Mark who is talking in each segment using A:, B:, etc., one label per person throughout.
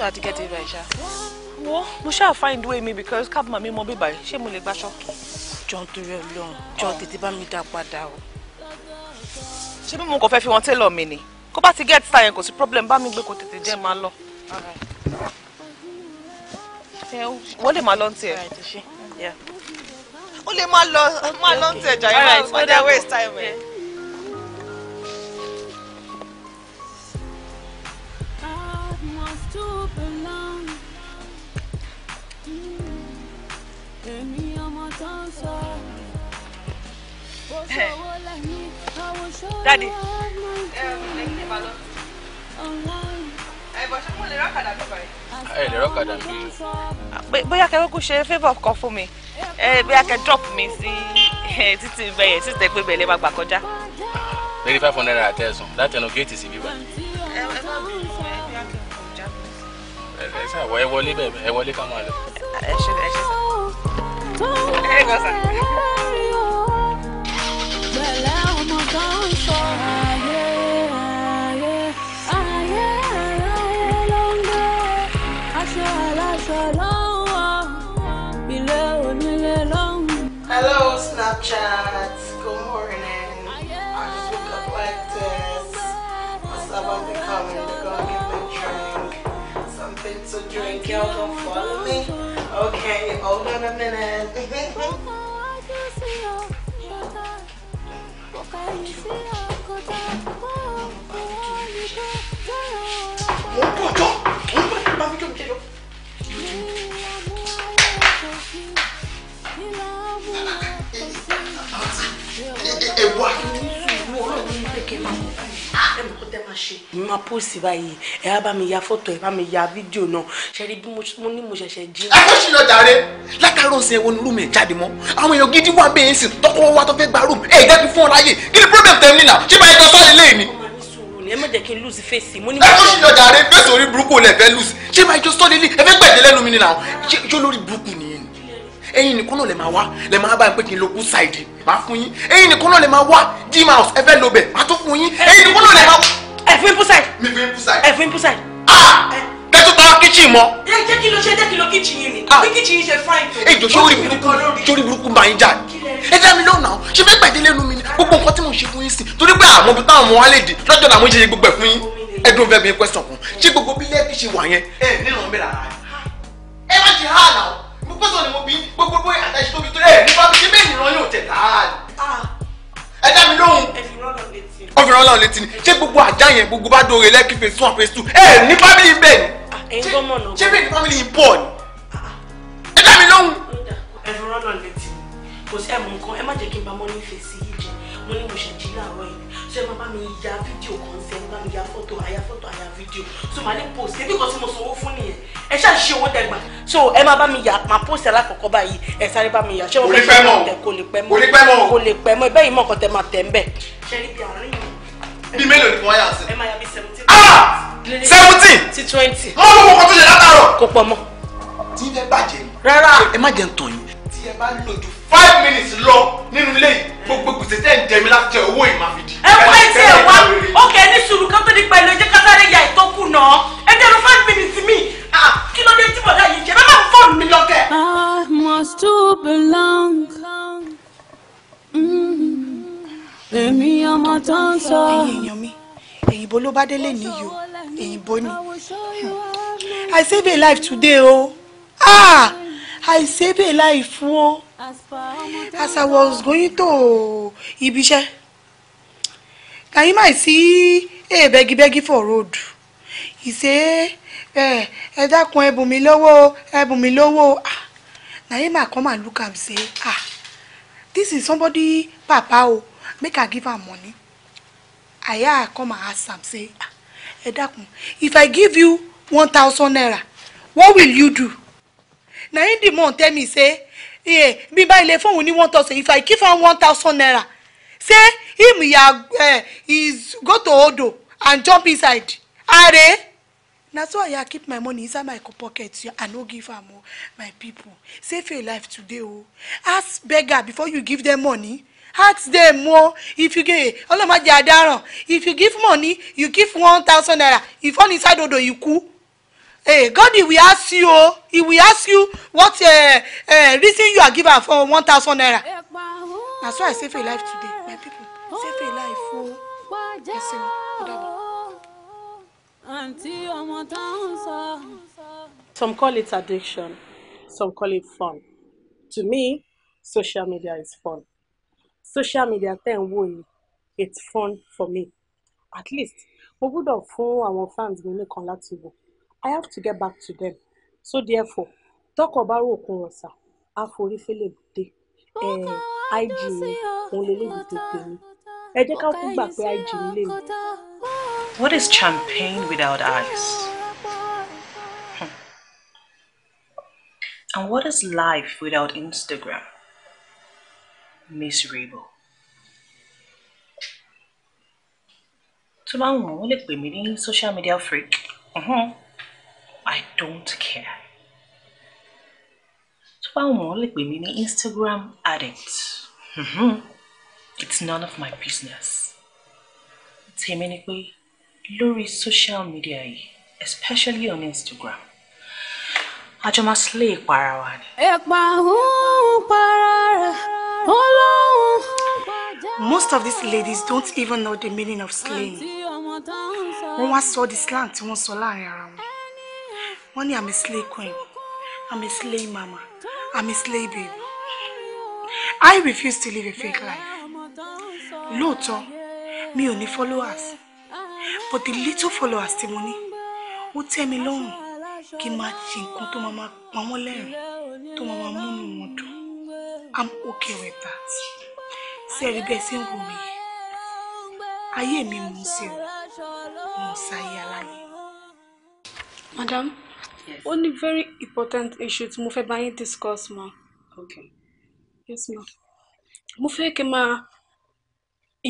A: try to get it right ṣá. wo mo ṣáà find way mi because cab mami mọ bíbá yìí ṣé mo lè gbaṣọ. jọ nítorí Ọlọ́run jọ ah. tètè bá mi dá padà o. ṣé bí mo kàn fẹ́ fi wọn tẹ́lọ̀ mi ni kó bá ti get star yẹn kò sí problem bá mi gbé kó tètè jẹ́ máa lọ. wọ́n lè máa lọ ní tiẹ̀. ó lè máa lọ ní tiẹ̀ jàre máa waste time ẹ̀. dáàdi. ẹ lè rọ́kadà ń bí. bóyá kẹ́kọ̀ọ́ kò ṣe favour kan fún mi bóyá kẹ́ drop mi sí títí bẹ̀yẹ̀ títí
B: pé bẹ̀lẹ̀ máa gbà kọjá. lórí five hundred naira tẹ̀sán láti ẹnu géètì sí bíbá. ẹ ẹ sá wọ ẹ wọlé bẹ́ẹ̀ ẹ wọlé ká máa lọ.
C: ẹ ṣe ẹ ṣe sá. ẹ gbọ́ sá. Hello, Snapchat. Good morning. I just woke up like this. My servant is coming. They're gonna give me a drink.
A: Something to drink. Y'all gonna follow me? Okay, hold on a minute. ewa sùúrù ọlọ́run ní pé ẹ mọ̀ kó tẹ́ máa ṣe. mo máa póòsì báyìí ẹ á bá mi ya fọ́tò ẹ bá mi ya fídíò náà ṣe rí bí mo ní mo ṣẹ̀ṣẹ̀ jí. ẹ kó ṣìlọ jàre
B: látàrí ọ̀sẹ̀ wo ni rúmi ẹ̀ jáde mọ́ àwọn èèyàn gidi wà bẹ́ẹ̀ sì tọ́kọ́ wa tó fẹ́ gba rúmi ẹ̀ ìdẹ́kun fún ọ láyè kí ni problem tẹ̀ nínà ṣé báyìí lọ sọ́ọ̀lì lẹ́yìn
A: ni ẹ má jẹ́ kí n lose face mo ní. ẹ kó sì lọ jàre
B: fèsì orí burúkú lẹ fẹ́ lose ṣé máa jọ sọ́ọ́lì ẹ fẹ́ gbẹ̀dẹ̀ lẹ́nu mi ni làwọn bá fún yín ẹ̀yin nìkan náà lè máa wá gym house ẹ fẹ́ lo bẹ̀ má tó fún yín ẹ̀yin nìkan náà lè máa. ẹ fún ipú side. mi fún ipú side. ẹ fún ipú side. ah kẹ́tù ta kíchìn mọ́.
A: ẹ jẹ́ kí ló ṣe jẹ́ kí ló kíchìn yín ni ah! bí
B: kíchìn yín ṣe fáìn tó. ejò sórí burúkú sórí burúkú máa ń jà ẹ dá mi lónà ṣe fẹ́ gbàdé lẹ́nu mi ni gbogbo nǹkan tí mo ṣe fún yín sí torí pé àwọn ibi táwọn ọmọ wa lè dì lọ́jọ́ làwọn ṣe gbogbo ẹ̀ fún yín ẹdun fẹ́ mi question kan ṣé gbogbo bílẹ̀ kí ṣe wà yẹn gbogbo sọ ni mo bí gbogbo gbogbo àtàṣe tóbi tó ẹ nípa fi ṣe bẹ́ẹ̀ yóò tẹ̀ láàrin. ẹ dá mi lóhùn. wọ́n fi rán ọlọ́run létí ni ṣé gbogbo àjá yẹn gbogbo bá dóore lẹ́kì phase one phase two ẹ ní family bẹ́ẹ̀ ni ṣé bẹ́ẹ̀ ni family yìí pọ̀ ni.
A: ẹ dá mi lóhùn. ẹ fi rán ọlọ́run ah, ah, ah. létí kò sí ẹ̀mú nǹkan ẹ má jẹ́ kí n bá mọ́ ní fèsì yìí jẹ mo ní mo ṣe jí láàárọ̀ yìí ṣe máa bá mi ya fídíò kan ṣe máa bá mi ya fọ́tò àyà fọ́tò àyà fídíò so màá lè post ṣe bí tí mo sanwó fún nìyẹn ẹ ṣáà ṣe owó tẹgbà so ẹ máa bá mi ya máa post alákọ̀ọ́kọ́ báyìí ẹ sáré bá mi ya ṣé wọn fẹ́ ṣe kò lè pẹ́ mọ́ kò lè pẹ́ mọ́ ibẹ̀ yìí mọ̀ kọ́ tẹ máa tẹ̀ ń bẹ̀. ṣe ni bí àárín
C: mi. bí mélòó ni wọ́n yà
A: sí. ẹ máa ya bí seventeen. Ah!
B: seventeen. sí twenty. mọ́ five minutes lọ nínú ilé gbogbo gbèsè tẹ̀ ń jẹ láti jẹ owó yìí ẹ wá ẹsẹ̀ ẹ wá ọkẹ́ ní sùúrù kan tó di pẹ̀lú ẹjẹ́ kátàrí
A: ìyá ìtọ́kù náà ẹ dẹ́nu five minutes mi ah, kí ló dé tí bọ̀dá yìí jẹ bẹ́ẹ̀ fóònù mi lọ́kẹ́.
C: I must to belong. Mm-hmm. èmi ọmọ tó ń sọ. ẹ̀yin èèyàn mi èyìnbó ló bá délé nìyí o
A: èyìnbó ni I save a life today o oh. ah I save a life o. Oh as I was going to ibi iṣẹ́ can you mind see a beggy beggy for road he say ẹ eh, ẹ dákun ẹ bùn mí lówó ẹ bùn mí lówó naima ah, come and look am say ah this is somebody papa o make i give am money aya come and ask am say ah ẹ dákun if i give you one thousand naira what will you do na him the man tell me say ee bí báyìí lè fóun ní one thousand if I give am one thousand naira say him ya uh, is go to odo and jump inside are na so i keep my money inside my pocket i no give am o my people save your life today o oh. ask beggar before you give them money ask them o if you get ọlọmọdé adaran if you give money you give one thousand naira if one inside odo you cool. Hey, eh, God he will ask you oh. he will ask you what uh, uh, reason you are given for one thousand naira That's why I save a life today
C: my people save a life for ẹsẹ o
A: Some call it addiction, some call it fun. To me, social media is fun. Social media tẹ̀ ń it's fun for me. At least, we mo gbọ́dọ̀ fún our
D: fans mi nìkan láti wò. I have to get back to them. So therefore, tọ́kọ̀ bá rò kún rọ̀ṣà, á forí eh, IG mi, òun lè lébi tètè mi. Ẹ jẹ́ ká tún gbà pé IG mi lè mi. What is champagne without ice? Hmm. And what is life without Instagram? Miserable. tó bá wù wọ́n lè pè mí ní social media freak. Uh-huh. I don't care. Tó bá wọn ò lè pè mí ní Instagram addict. Mm-hmm. It's
A: none of my business. Tèmi ni pé lórí social media yìí especially on Instagram àjọ máa slay ìpara wa ni.
C: ẹ̀pà ń para
A: rẹ̀ olóhùn Most of these ladies don't even know the meaning of slaying. wọ́n wá sọ the slang tí wọ́n sọ láàrin ara wọn. Money, I'm a slay queen I'm a slay mama àmì slay babe I refuse to live a fake life lóòótọ́ mi ò ní followers but the little followers tí mo ní ó tẹ́ mi lọ́rùn kí n máa ṣe nǹkan tó máa máa pa wọ́n lẹ́rìn tó máa máa múnú wọn dùn I'm okay with that sẹ́ẹ̀rí bẹ́ẹ̀ sí ń wò mí ayé mi mò ń ṣe o mò ń ṣayé aláyé. madam ó ní very important issue tí mo fẹ́ bá yín
D: discuss ma. okay. yes ma. mo fẹ́ kí n máa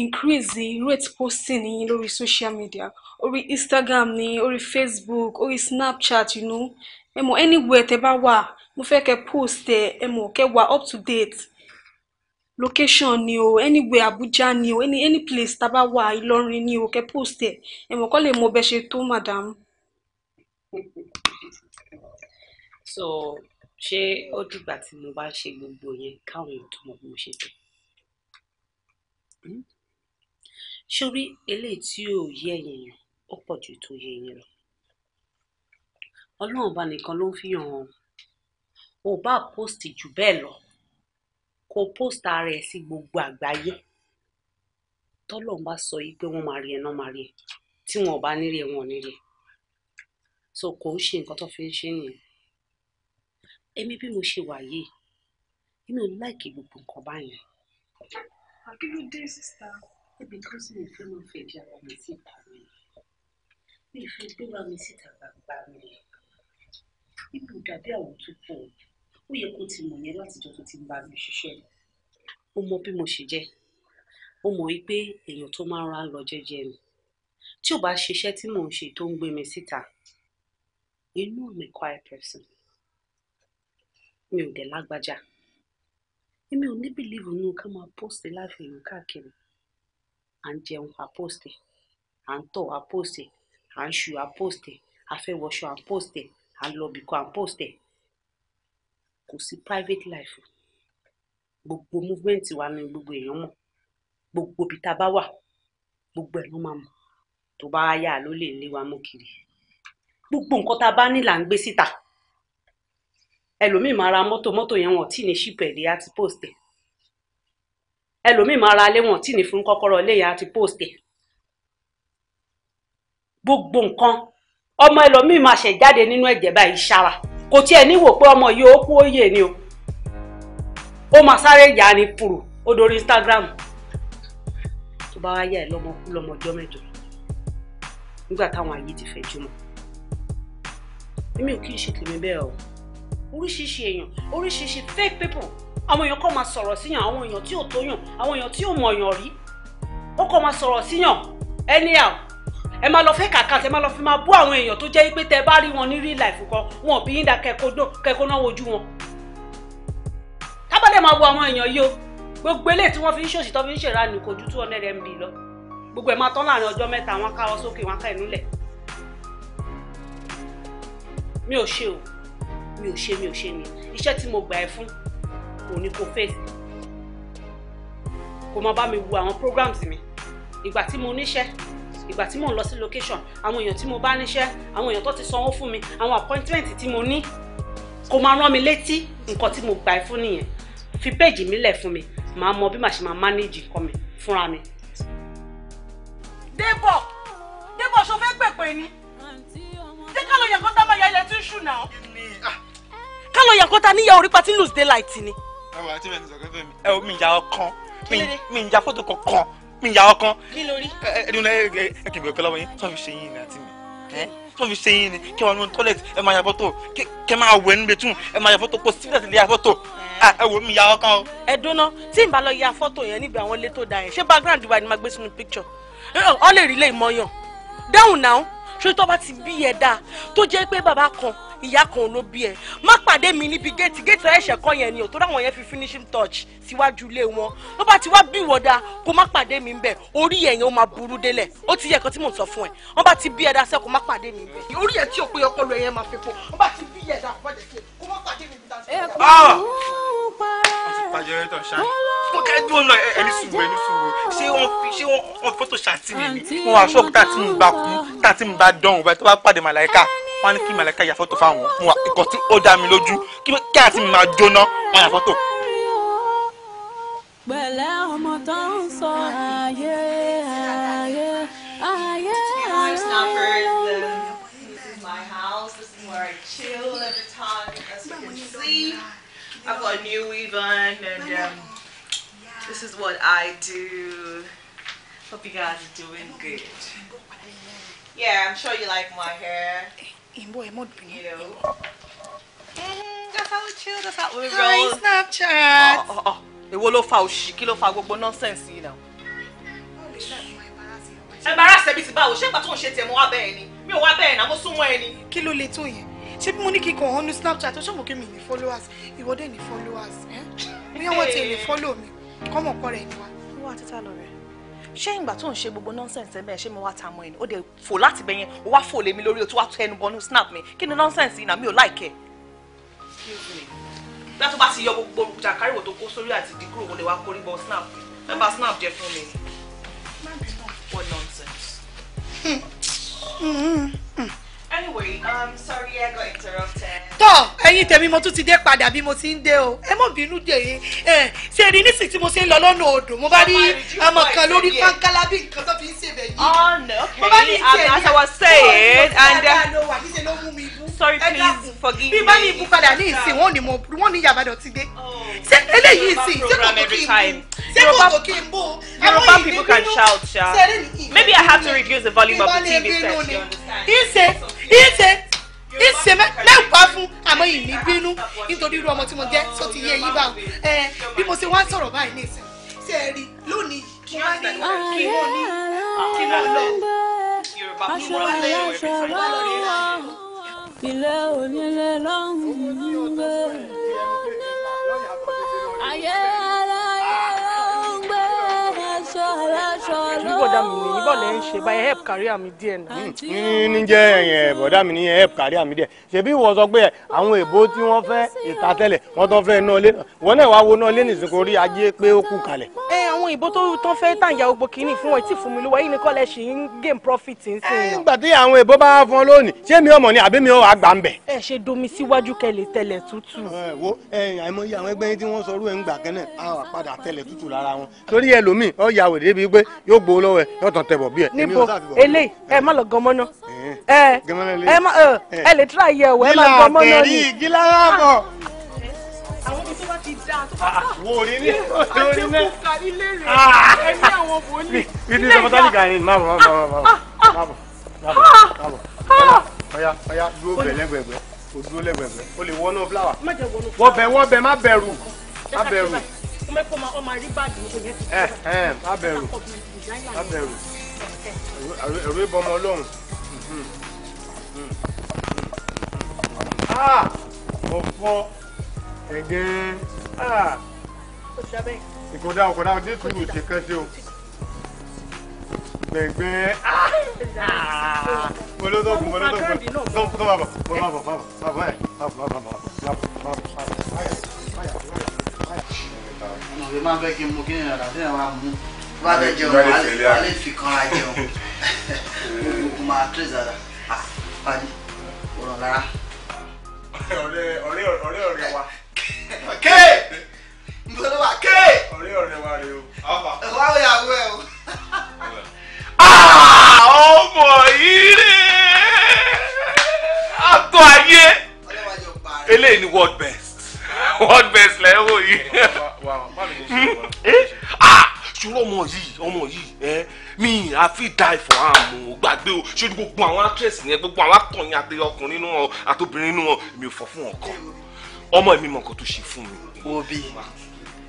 D: increase rate posting yín lórí social media orí instagram ni
A: orí facebook orí snapchat you know ẹ mọ̀ anywhere tẹ́ bá wà mo fẹ́ kẹ́ post ẹ ẹ mọ̀ kẹ́ wà up to date location ni o anywhere Abuja ni o any any place tá a bá wà Ìlọrin ni o kẹ́ post ẹ ẹ mọ̀ kọ́ lè mọ bẹ́ ṣe tó madam.
D: so ṣé ó dìgbà tí mo bá ṣe gbogbo yẹn káwọn èèyàn tó mọ bí mo ṣe tó hmm? sórí eléyìí tí ò yé ẹ̀yìn yẹn ó pọ̀ ju tó yé yẹn lọ ọlọ́run ọba nìkan ló ń fi hàn ọ́ ò
A: bá post jù bẹ́ẹ̀ lọ kó post ara ẹ̀ sí gbogbo àgbáyé tọ́lọ́run bá sọ yìí pé wọ́n máa rí ẹ náà máa rí ẹ tí wọn ò bá nírí ẹ wọn ò nírí ẹ so kò ń ṣe nǹkan tó fi ń ṣe nìyẹn èmi bí mo ṣe wà yìí inú láìkí gbogbo nǹkan báyẹn.
D: àbílódé ah, sísá ẹbí tó sì lè fẹ́ máa fẹ́ di ara mi síta mi mi ìfẹ́ gbéra mi síta gbangba mi ibi ìdàbí àwọn tó pọ̀ ó yẹ kó ti mọ̀ yẹn látijọ́ tó ti ń bá mi ṣiṣẹ́ ó mọ bí mo ṣe jẹ́
A: ó mọ̀ wípé èèyàn tó máa ń ra lọ jẹ́jẹ́ ni tí ò bá ṣiṣẹ́ tí mò ń ṣe tó ń gbé mi síta inú mi quiet person mi ò dẹ̀ lágbájá
D: èmi ò ní bìlíìfù nínú ká máa póòsì láfi ìlú káàkiri
A: à ń jẹun à póòsì à ń tọ̀ à póòsì à ń ṣu à póòsì fẹ́ wọṣọ à à ń lọ bìkọ́ à kò sí private life gbogbo movement wa ni gbogbo èèyàn mọ̀ gbogbo ibi tá a bá wà gbogbo ẹ̀ ló máa mọ̀ tó bá yà ló lè lé wa mú kiri gbogbo nǹkan tá a bá ní là ń gbé síta. Si ẹlòmíì máa ra mọ́tò mọ́tò yẹn wọn tí ní ṣípẹ̀ ilé àti post ẹ̀ ẹlòmíì máa ra ilé wọn tí ní fún kọ́kọ́rọ́ ilé yẹn àti post ẹ̀ gbogbo nǹkan ọmọ ẹlòmíì máa ṣẹ̀ jáde nínú ẹ̀jẹ̀ báyìí ṣara kò tiẹ̀ níwò pé ọmọ yìí ó kú ó ni o ó máa sáré yà á ní pùrù ó dorí Instagram tó bá wá yà ẹ lọ́mọ kú lọ́mọ ọjọ́ mẹ́jọ nígbà táwọn ayé ti fẹ́ jùmọ̀ èmi ò kí ń ṣe bẹ́ẹ̀ o oríṣiríṣi èèyàn oríṣiríṣi fake people àwọn èèyàn kọ́ máa sọ̀rọ̀ síyàn àwọn èèyàn tí ò tóyàn àwọn èèyàn tí ò mọ̀yàn rí ó kọ́ máa sọ̀rọ̀ síyàn anyhow ẹ máa lọ fẹ́ kàkà ẹ máa lọ fi máa bú àwọn èèyàn tó jẹ́ pé tẹ bá rí wọn ní real life kan wọn ò bí yín da kẹ́kọ̀ọ́ náà wojú wọn tábàdé máa wo àwọn èèyàn yìí o gbogbo eléyìí tí wọ́n fi ń ṣòṣì tó fi ń ṣèrànù kò ju two hundred mb lọ gbogbo ẹ̀ máa tán láàrin ọjọ́ mẹ́ta wọn káwọ́ sókè wọn ká ìnúlẹ̀ mi ò ṣe o mi ò ṣe mi ò ṣe ni iṣẹ́ tí mo gbà ẹ́ fún kò ní kó fèsì kò máa bá mi wo àwọn programs mi ìgbà tí mo níṣẹ́ ìgbà tí mò ń lọ sí location àwọn èèyàn tí mo bá níṣẹ́ àwọn èèyàn tó ti sanwó fún mi àwọn appointment tí mo ní kò máa rán mi létí nǹkan tí mo gbà ẹ́ fún nìyẹn fi péèjì mi lẹ̀ fún mi màá mọ bí màá ṣe máa manage nǹkan mi fúnra mi. débọ̀ débọ̀ ṣo fẹ́ pèpè ni jẹ́ ká lọ kó dábàá ya ilẹ̀ tí ń ṣù náà ká lọ yàgò ta níyàwó rípa tí lose daylight ni.
B: ẹ wà á ti bẹ̀rẹ̀ sọ̀kẹ́ fẹ́ mi. ẹ o mi ìyá ọkàn mi ìyá fọ́tò kankan mi ìyá ọkàn. kí lórí. ẹ ẹ ẹ ẹ kìbìrì ọkọ lọ́wọ́ yín tí wọ́n fi ṣe yín ni àti mi tí wọ́n fi ṣe yín ni kí wọ́n nu tọ́lẹ̀tì ẹ máa ya fọ́tò kẹ máa wẹ̀ níbi tún ẹ máa ya fọ́tò kó sílẹ̀
A: sílẹ̀ ya fọ́tò ẹ wò mí ya ọkàn o. ẹ dúná tí n bá lọ ya fọ́tò yẹn níbi àwọn ilé tó da yẹn ṣé background wa ni máa gbé sínú picture ọ lè rí ilé ìmọ̀yàn dáhùn náà ṣé tó bá ti bí ẹ dáa tó jẹ́ pé bàbá kan ìyá kan ló bí ẹ má pàdé mi níbi géètì géètì ẹ̀ṣẹ̀ kan yẹn ni ò tó dáwọn yẹn fi finishing touch síwájú ilé wọn ló bá ti wá bí ìwọ́dà kó má pàdé mi bẹ́ẹ̀ orí ẹ̀yìn ó máa burú délẹ̀ ó ti yẹ kan tí mò ń sọ fún ẹ wọ́n bá ti bí ẹ̀dá sẹ́ kó má pàdé mi bẹ́ẹ̀ orí ẹ̀ tí ò pé ọpọlọ ẹ̀yẹn máa fi po wọ́n bá ti bí ẹ̀dá kó má pàdé mi ṣé
B: wọn fọ́tò ṣàtìmí ni wọn aṣọ tá tí mo tó bá pàdé wọn fún wa ikọ̀ tí ó dá mi lójú kí jóná wọn
C: yà ọmọ sọ ayé ayé ayé
A: I chill every time. That's you see. I've got a new on, and um, this is what I do. Hope you guys are doing good. Yeah, I'm sure you like my hair. Imbo, Imbo, Imbo. That's how we chill, that's how we roll. Snapchat. Oh, oh, oh. Èwo ló fa òṣì, kí ló fa gbogbo nonsense yìí náà. Embarrass ẹbí ti báwo, ṣé ìgbà tó ń ṣe tiẹ̀ mo wá bẹ́ẹ̀ ni? Mi ò wá bẹ́ẹ̀ náà, mo súnmọ́ ẹni. Kí ló le tó yẹn? Ṣé bí mo ní kí n kàn ọ́nú Snapchat, ó ṣàmùkí mi ní followers, ìwọ́dẹ̀ ní followers. Bí wọ́n ti lè follow mi, kọ́mọ̀pọ̀ rẹ̀ ni wa. Wọ́n wá títà lọ rẹ̀ ṣé ìgbà tó ń ṣe gbogbo nonsense ẹ bẹ́ẹ̀ ṣé mo wá ta mọ́ ẹ ni ó dẹ̀ fò láti bẹ̀ yẹn ó wá fò lé mi lórí o tí wá tó ẹnu bọnú snap mi kí ni nonsense yìí nà mí ò láìkẹ́. bí a tó bá ti yọ gbogbo jàkáríwò tó kó sórí àti dìgúrò wọlé wá kórí bọ snap ẹ bá snap jẹ fún mi. what nonsense. Hmm, hmm, hmm, anyway um sorry i got interrupted. tọ́ ẹ̀yin tèmi mo tún ti dé padà bí mo ti ń dé o ẹ mọ̀ bínú dè yín ẹ ṣe rí nísìsiyìí tí mo ṣe ń lọ lọ́nà odò mo bá rí ọmọ kan lórí pankala bí nǹkan tó fi ń ṣèbẹ̀ yìí. oh no okay um, mo bá ní ìṣe yìí as i was saying and uh, sorry please forgive me. bí bá ní ibú padà ní ìsìn wọn ni mo wọn ní yàrá dọ̀tí dé oh, ṣé eléyìí ìsìn ṣé kò kò kí n bú ṣé kò kò kí n bú. Yoruba people can shout sha maybe i have to reduce the volume of the tv set you understand ìṣe ìṣe mẹ́wàá fún àmọ́ yìí ní bínú nítorí irú ọmọ tí mo jẹ́ só ti yé yín bá ẹ bí mo ṣe wá sọ̀rọ̀ báyìí ní ìsìn ṣe é rí lónìí kí wọ́n ní kí wọ́n ní
C: kí wọ́n lọ kí wọ́n lọ kí wọ́n lọ rí ra onílé ló ayé aláyé ló aṣọ
A: aláṣọ ló kọ́ lẹ́ ń ṣe báyìí help carry àmì díẹ̀ náà. Hmm, ní jẹ́
E: ẹ̀yìn bọ̀dá mi ní help carry àmì díẹ̀ ṣebí ìwọ sọ pé àwọn èèbó tí wọ́n fẹ́ ìta wọ́n tó fẹ́ náà lé wọn náà wàá wo náà lé nìsín kò rí ajé pé ó kù kalẹ̀.
A: ẹ àwọn èèbó tó tán fẹ́
B: tàǹyà gbogbo kìíní fún wọn tí yìí ni kọ́ ṣì ń gain profit ń sìn. tí àwọn èèbó bá fún lónìí ṣé
E: bọ̀ bí ẹ. níbo eléyìí
A: ẹ má lọ gan mọ́nà eh, eh, ẹ eh. ẹ lè tíra yẹ ọ̀wọ́ ẹ má gan mọ́nà ni. gíláàbẹ̀rì gíláàbọ̀.
B: àwọn ibi tó bá ti dáa tó bá kà. Ah, wò ó rí ní
E: orí náà. àjẹkù
B: kà ilé rẹ̀ ah. ẹni àwọn wòlíì.
E: ibi ìsọmọ tálí kan yìí má bọ̀ má bọ̀ má bọ̀ má bọ̀ má bọ̀ ọ̀ya ah. ọ̀ya dúró bẹ̀ lẹ́gbẹ̀gbẹ̀ o dúró lẹ́gbẹ̀gbẹ̀ o lè wọnú fúláwà.
A: wọ́bẹ̀ wọ́bẹ̀ má bẹ̀rù má bẹ̀rù. ọmọ ẹ̀kọ́ ọmọ rí bàdì. ẹ
E: ẹ má bẹ̀rù má bẹ̀rù ẹ̀rú ìbọn ọmọ ọlọ́run ọ̀pọ̀ ẹ̀gẹ́ ìkọ̀dá ọ̀kọ̀dá ọdún ìtúrù ṣe kẹ́ sí o gbẹ̀gbẹ́ olódògùn olódògùn tó tó bàbà bàbà bàbà bàbà ẹ̀ bàbà bàbà bàbà bàbà bàbà. ọ̀nà ìgbẹ́ máa ń fẹ́ kí n mú kí n yàrá sí ẹ̀wọ̀n àmú bá fẹ́ jẹun wà lè fi kanra jẹun gbogbo kò máa tó ìzàdà àbí
B: òràn lára. ọ̀rẹ́ ọ̀rẹ́ ọ̀rẹ́ ọ̀rẹ́ wa. kéè nbọ̀dọ̀ wa kéè. ọ̀rẹ́ ọ̀rẹ́ wa o. wà á yà wẹ̀ o. ọmọ yìí rè àtọ̀ ayé ni world best world best lẹ́wọ̀ yìí ṣòro ọmọ yìí ọmọ yìí ẹ mi i fit die for am o gbàgbé o ṣojú gbogbo àwọn actress yẹn gbogbo àwọn actor àti ọkùnrin nínú wọn àtobìnrin nínú wọn mi ò fọ fún ọkàn ọmọ mi mọ nǹkan tó ṣe fún mi. obi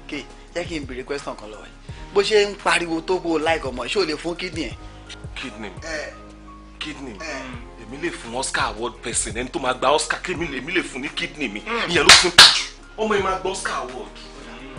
B: ke jẹ́ kí n béèrè question kan lọ́wọ́ bó ṣe ń pariwo tó kó like ọmọ ṣé o lè fún kidney ẹ̀. kidney kidney èmi lè fún Oscar award person ẹni tó máa gba Oscar kí èmi lè fún ní kidney mi ìyẹn ló fún jù ọmọ yìí máa gba Oscar award.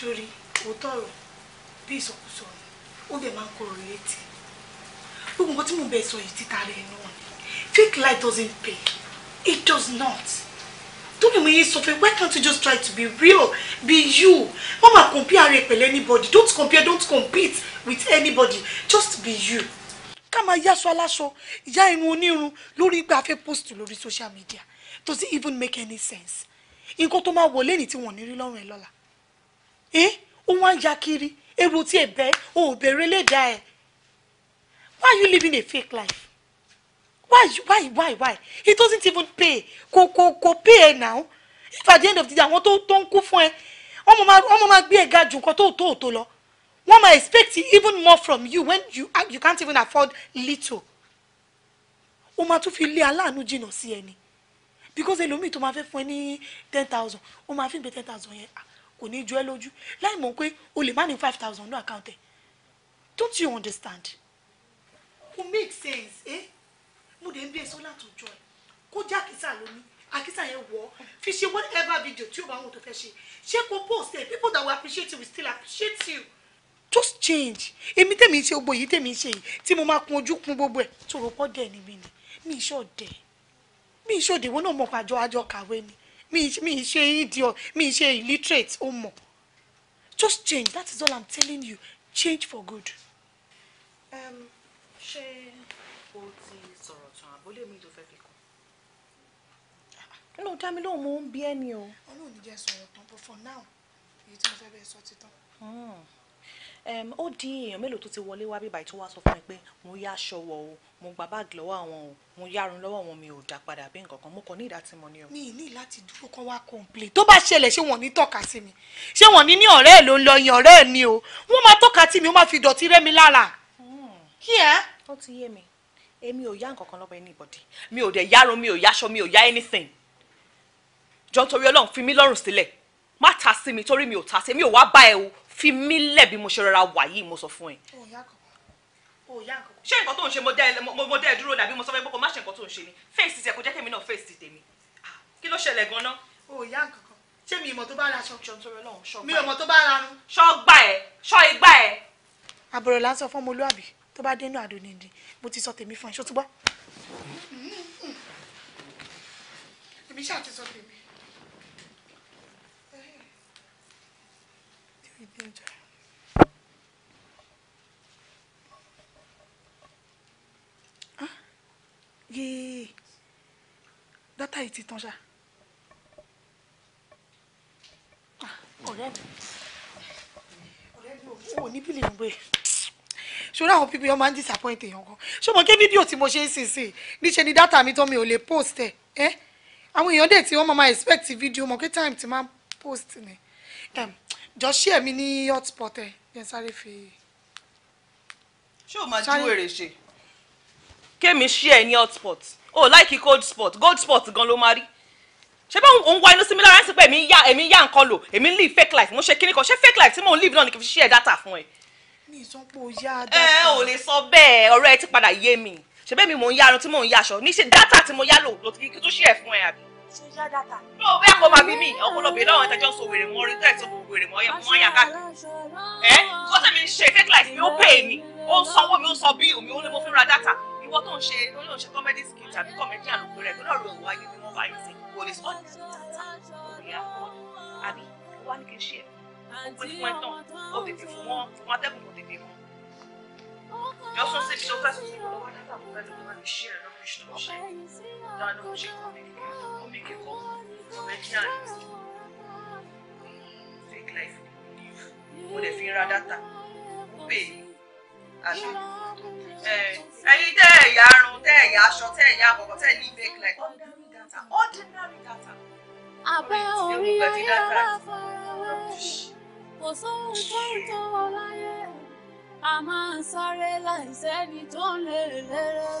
A: sórí òótọ́ bí ìsọkúsọ ni ó dẹ̀ máa ń kóró létí gbogbo nǹkan tí mo bẹ̀ sọ yìí títa rẹ̀ nù ni fake life doesn't pay it does not don't be making suffer why can't you just try to be real be you wọ́n máa compare rẹ̀ pẹ̀lú anybody don't compare don't compete with anybody just be you ká máa yáṣọ aláṣọ ìyá irun onírun lórí pé a fẹ́ post lórí social media does it even make any sense nǹkan tó máa wọlé ní tí wọ́n ní rí lọ́rùn ẹ̀ lọ́la ẹ ó wá ń ya kiri èrò tí ẹ bẹ ò bèrè lè dá ẹ why are you living a fake life why why why why He doesn't even pay kò kò kò pay now if at the end of the day àwọn tó tó ń kú fún ẹ ọmọ máa ọmọ máa gbé ẹ ga jù nǹkan tó tó tó lọ wọn máa expect even more from you when you you can't even afford little o máa tún fi lé aláàánú jìnnà sí ẹni because ẹlòmíì tó máa fẹ́ fún ẹ ní ten thousand o máa fi gbé ten thousand yẹn kò ní ju ẹ lójú láì mọ̀ pé o lè má ní five thousand lọ àkáǹtẹ̀ don't you understand? kò make sense eh? mo dé ń bí èso látòjọ ẹ kó jẹ́ àkísà lóní àkísà yẹn wọ̀ fi ṣe whatever video tí o bá wọn tó fẹ́ ṣe ṣé kò post ẹ people that will appreciate you will still appreciate you just change èmi tèmi ṣe gbogbo yìí tèmi ṣe yìí tí mo máa kun ojú kun gbogbo ẹ̀ tòròpọ̀ dẹ̀ ni mi ni mi ìṣòdẹ̀ mi ìṣòdẹ̀ wọn náà mọ̀ pàjọ àjọ kàwé ni mi mi ṣe idiot mi ṣe illiterate o mọ̀ just change that is all i'm telling you change for good. ṣé o ti sọ̀rọ̀ tán àbólé mi tó fẹ́ fi kún. nínú dá mi lóhùn mo ń bí ẹni o. ọlọ́run ní jẹ́ sọ̀rọ̀ tán but for now èyí tí mo fẹ́ bẹ́ẹ̀ sọ ti tán. Hmm ó dín èèyàn mélòó tó ti wọlé wá bíbá tó wá sọ fún mi pé mo yá aṣọ wọ̀ o mo gba báàgì lọ́wọ́ àwọn o mo yárun lọ́wọ́ wọn mi ò dá padà bí nǹkan kan mo kàn ní ìdátìmọ̀ ni o. mi ì ní láti dúró kán wá complain tó bá ṣẹlẹ̀ ṣé wọ́n ní tọ́ka sí mi ṣé wọ́n ní ní ọ̀rẹ́ ẹ̀ ló ń lọ yin ọ̀rẹ́ ẹ̀ ni o wọ́n máa tọ́ka sí mi wọ́n máa fi ìdọ̀tí rẹ́ mi lára. Hmm. kí ẹ. ó ti yé mi èmi ò yá nǹkan kan lọ́wọ́ anybody mi ò dẹ̀ yárun mi ò yáṣọ mi ò yá anything jọ torí ọlọ́run fi mí lọ́rùn sílẹ̀ má ta sí mi torí mi ò ta sí mi ò wá bá ẹ o fi mí lẹ̀ bí mo ṣe rọra wà yìí mo sọ fún ẹ. ṣé nǹkan tó ń ṣe mo dẹ́ ẹ dúró dàbí mo sọ fẹ́ gbọ́kọ̀ má ṣe nǹkan tó ń ṣe ni fèsì tiẹ̀ kò jẹ́ kẹ́mi náà fèsì tèmi ah, kí ló ṣẹlẹ̀ gan-an. o ìyá nǹkan ṣé mi ìmọ̀ tó bá ra ṣọ́ọ̀ṣọ́ nítorí ọlọ́run ṣọ́ọ̀gbà mi ìmọ̀ tó bá ra nu. ṣọ́ọ̀gbà ẹ̀ ṣọ́ igbá ẹ̀. àbọ̀rọ̀ là ń sọ fún ọmọlúàbí tó bá dénú àdó nìdí mo ti sọ tèmi fún ẹ ṣó túbọ̀. Mm-hmm. èmi ṣáà ti sọ tèmi. yéé dátà yìí ti tán ṣá. Ah, ọ̀rẹ́ mi ọ̀rẹ́ mi ò ní bílẹ̀ ń gbé ṣòro àwọn pípé ọmọ ń disappoint èèyàn kan ṣé mo gé fídíò tí mo ṣe ń sìn sìn níṣẹ́ ni dátà mi tán mi o lè post ẹ̀ ẹ́ àwọn èèyàn dẹ̀ tí wọ́n expect fídíò mọ̀ pé time ti máa post ni jọ ṣí ẹ̀mí ní hotspot ẹ̀ yẹn sáré fi. ṣé o máa jí wèrè ṣe. kémi ṣí ẹ ní hotspot o láìkí cold spot gold spot gan ló máa rí ṣé bá òun wá inú sí mi lára ẹsìn pé èmi yá èmi yá nǹkan lò èmi ń live fake life mo ṣe kíní kan ṣé fake life tí mò ń live náà ni kì í fi ṣí ẹ data fún ẹ. mi ìsọpọ̀ yá data. ẹ ò lè sọ bẹ́ẹ̀ ọ̀rọ̀ ẹ ti padà yé mi ṣe bẹ́ẹ̀ mi mò ń yá arun tí mò ń yá aṣọ níṣẹ́ data tí mo yá lò lò kí tó ṣí ẹ fún ẹ àbí social data. Bọ́ọ̀ bẹ́ẹ̀ kó máa bí mi, ọ̀pọ̀lọpọ̀ ìlọ́wọ́ ìtajọ́ sọ wèrè mọ́ orí tẹ́ẹ̀sì ọmọ wèrè mọ́ ọyẹ fún ọyà káàkiri. Ẹ́ kó tẹ̀mí ṣe fake life mi ó pè mí, ó ń sanwó mi, ó ń sọ bíìlì mi, ó ní mo fẹ́ ra data. Ìwọ tó ń ṣe ló ń ṣe comedy skit àbí comedy àlùkò rẹ̀ lọ́rọ̀ rẹ̀ wáyé ni wọ́n bá yìí sí. Kò lè sọ data, kò lè afford, àbí wá ní kí n ṣe ẹ̀. Ó pè fún ẹ tán, ó tètè fún wọn, wọn atẹ́gùn kò tètè mọ́.
C: Yọ sún síbi tó fẹ́
A: sùn sí ìwọ̀n lọ́wọ́ dátà mo fẹ́ lọ́wọ́ mi ṣí ẹ̀ náà iş tó ṣe dáná ó ṣe kọ́míkì kọ́míkì kọ́ comedian fake life mo lè fi ra data mo pè é ẹyin tẹ ẹ̀yà arun tẹ ẹ̀yà aṣọ tẹ ẹ̀yà àkọ́kọ́ tẹ ní fake life ordinary
C: data ordinary orí ayé bá kò sóhun tó ń tọ́ ọ a máa ń sáré láìsẹ́ni tó ń lè lérè.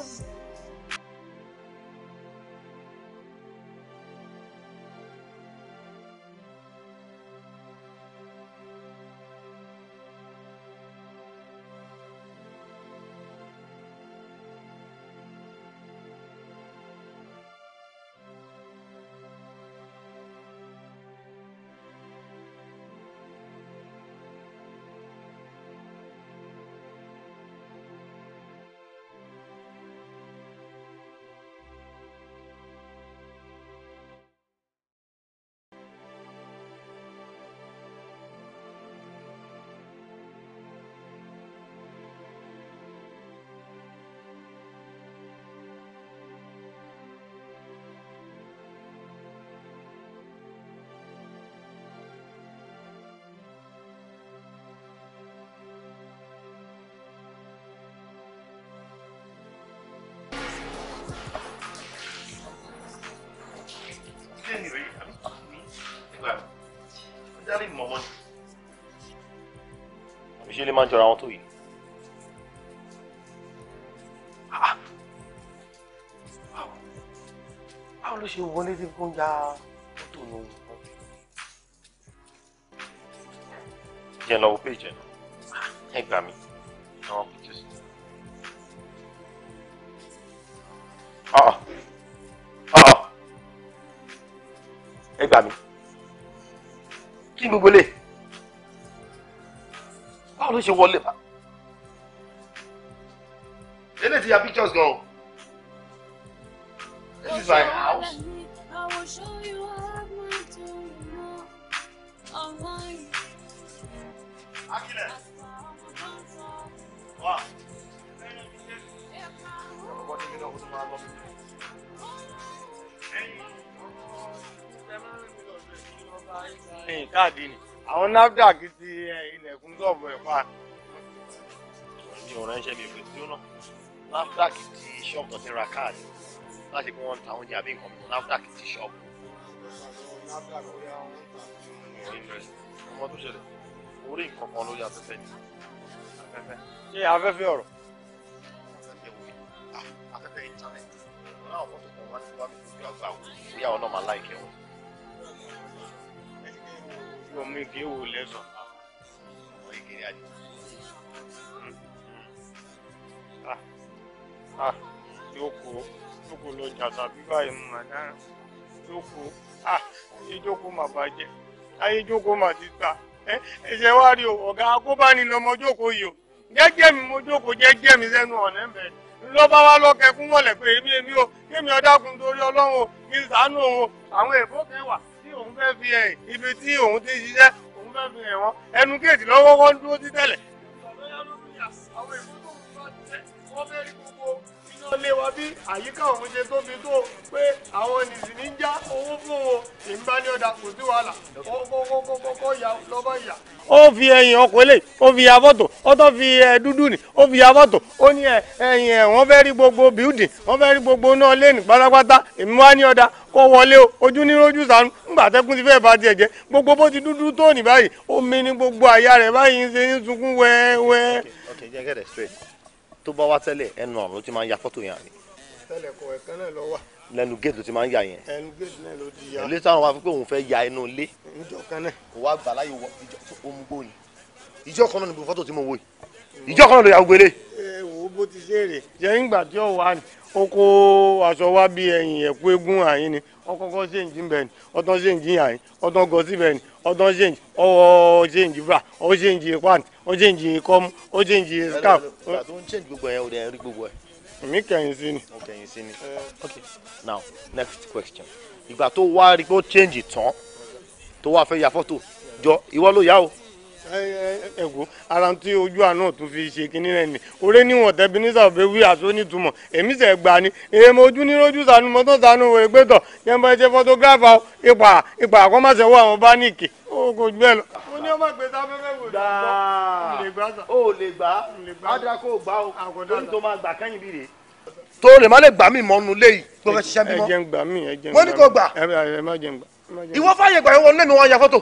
F: máa ń jọra wọn tó yìí. Ah.
E: báwo ló ṣe wọlé dé
F: fún ya mọ́tò ní ojú kan. jẹ́ lọ wo péjì náà ah. ẹ gbà mí ló ṣe wọlé bá eléyìí ti ya pictures gan o
C: this is my house. Akile. Wa.
E: Ọ̀rọ̀ tí Ẹyin. Káàdì ni àwọn nafdac ti ilẹ̀kùn sọ̀bù ẹ̀ pa. mi ò ránṣẹ́ mi ìwé tí ó náà
F: nafdac ti ṣọ́ọ̀bù tó ti ra káàdì láti pé wọ́n ń ta oúnjẹ àbí nǹkan mìíràn nafdac ti ṣọ́ọ̀bù.
E: ọmọ tó ṣẹlẹ̀ orí nǹkan kan lórí afẹ́fẹ́ ni afẹ́fẹ́ ṣé afẹ́fẹ́ ọ̀rọ̀
F: afẹ́fẹ́ ìtàn ah, ẹ̀ láwọn fọ́tò kan wá sí wá bí ọgbà wò ó yà ọ
E: máa láìkẹ́ wọn. kwa mwingi huu ulezo waigiliaji yòókù yòókù ló jàdà bí yoko mo mà dára yòókù ayéjókòó mà bàjẹ́ ayéjókòó mà ti ta ẹsẹ̀ wá rí o ọ̀gá akóbánilọ́mọjókòó yìí o jẹ́jẹ́ mi wa o o fẹ́ fi ẹ̀ ibi tí òun ti ṣiṣẹ́ òun fẹ́ fi ẹ̀ ẹnu kéèjì lọ́wọ́ wọ́n dúró sí tẹ́lẹ̀. ìgbàlóyà ló ń yà àwọn ìwúlò wọn bá tẹ̀ wọ́n fẹ́ rí gbogbo wọ́n lé wa bí àyíká òun ṣe tóbi tó pé àwọn nìsí ní já owó fún wọn ìbánidọ́dà kò sí wàhálà kọ́kọ́kọ́kọ́ ya lọ́bọ̀ ìyà. ó fi ẹ̀yìn ọkọ̀ lè ó fi abọ́tò ó tó fi ẹ̀ dúdú nì ó fi abọ́tò ó ní ẹ̀yìn ẹ̀ wọ́n fẹ́ rí gbogbo building wọ́n fẹ́ rí gbogbo náà lẹ́nu pátápátá èmi wá ní wọlé o ojú ní rojú sànú ńgbà tẹ́kùn ti fẹ́ẹ́ bá tiẹ̀ jẹ́ gbogbo bó ti dúdú tóòní báyìí omi ní gbogbo àyà rẹ̀ báyìí ń ṣe ń sunkún wẹ́ẹ́wẹ́ẹ́.
F: okay, okay, get it straight tó bá wá tẹ́lẹ̀ ẹnu ọ̀run ló ti máa ń ya fọ́tò yẹn àní.
E: tẹ́lẹ̀ kọ ẹ̀kan náà lọ wà.
F: lẹ́nu géètì ló ti máa ń yà yẹn.
E: ẹnu géètì náà ló ti yà. ilé táwọn wá fún
F: pé òun fẹ́ ya inú ilé.
E: ìjọ kan náà. kò wá gbà láyò wọ ìjọ tó o mú gbó ni. ìjọ kan náà ni fọ́tò tí mo wò yìí.
F: ìjọ kan náà ló ya gbogbo ẹ
E: wo bó ti ṣe é rè. jẹ́ ìgbà tí ó wà ní oko aṣọ wa bí ẹ̀yìn ẹ̀kú ọkọ̀ọ̀kan ṣéǹjì bẹ́ẹ̀ ni ọ̀tán yàn yín ọ̀tán gọ̀ọ́sì bẹ́ẹ̀ ni ọ̀tán ṣéǹjì ọwọ́ bra ó ṣéǹjì pant ó ṣéǹjì kọ́mú ó ṣéǹjì scarf. ìgbà
F: ń ṣéǹjì gbogbo yẹn ò dẹ̀ rí gbogbo ẹ̀.
E: mi kẹ̀yìn sí ni.
F: mo kẹ̀yìn sí ni. Eh, okay now next question ìgbà tó
E: wá rí pé ó ṣéǹjì tán tó wá fẹ́ ya fọ́tò jọ ìwọ ló yá o ẹ wo ara tí ojú àánú tún fi ṣe kínní rẹ ni ọ̀rẹ́ níwọ̀n tẹ́bi ní sàbẹ̀ wí àṣọ nítumọ̀ èmi sẹ̀ gbà ni èèmọ̀ ojú ní lójú sànú mọ́tò sànú wò pé tọ̀ yẹn bá ṣe fọ́tógráfà ipa ipa àkọ́mọ̀ṣẹ́ wọ àwọn báníkì ó kò jù bẹ́ẹ̀ lọ. mo ní ọmọ ìgbésí afẹ́fẹ́ wò ló o lè gbà á dára kó o gbà o lórí tó máa gbà kẹ́yìn bí é, tó lè má lè gbà mí mọ́nu léyìí tó fẹ́ ṣiṣẹ́ mímọ́ wọ́n ní kò gbà
B: ìwọ fàyè gbà yẹn wọlé mi wọ́n ya fọ́tò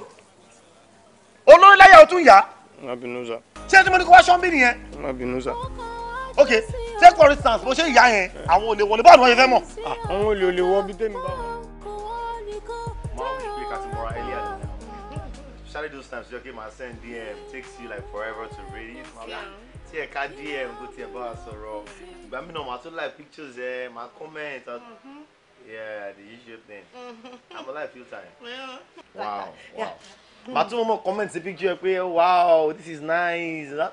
B: olórí láyà ọtún yá. má bínú sá. ṣé tí mo ní kó wá ṣọ́ńbì nìyẹn. má bínú sá. ok take for
E: instance bó ṣe ìyá yẹn àwọn olè wọlé báwo ni wọ́n ṣe fẹ́ mọ̀. Ah, àwọn olè olè wọ bí tèmi bá wọn.
F: máa
C: ń wípé kàti mọ́ra ẹ̀ lẹ́yà lọ́wọ́
F: ṣáàlì those times yọkẹ́ máa send dm takes you like forever to read it. tí ẹ ká dm kó tiẹ̀ bá wa sọ̀rọ̀ ìgbà mí náà màá tún like pictures ẹ màá comment. Mm-hmm. Yeah, the usual thing.
C: Mm-hmm.
F: I'm alive full time. Wow, wow màá tún mọ̀ comment sí picture ẹ pé wow this is nice ah,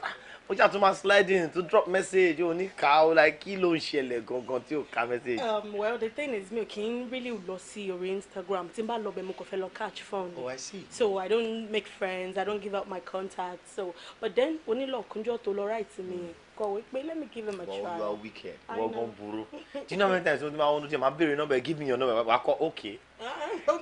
F: ó ṣàtún máa sliding to drop message ó ní ó like kí ló ń ṣẹlẹ̀ gangan tí ó ka message. Um,
A: well the thing is mi ò kì í really lọ sí orí Instagram tí n bá lọ bẹ̀ mo kàn fẹ́ lọ catch phone. oh I see. so I don't make friends I don't give out my contact so but then onílọ̀kúnjọ́ tó lọ right mi hmm. kọ̀wé pé let me give him a try. wọ́n wá
F: wíkẹ̀ wọ́n gan burú. do you know how many times mo ti máa wọ́n ní ṣe máa béèrè nọ́mbà give me your number wàá kọ́ okay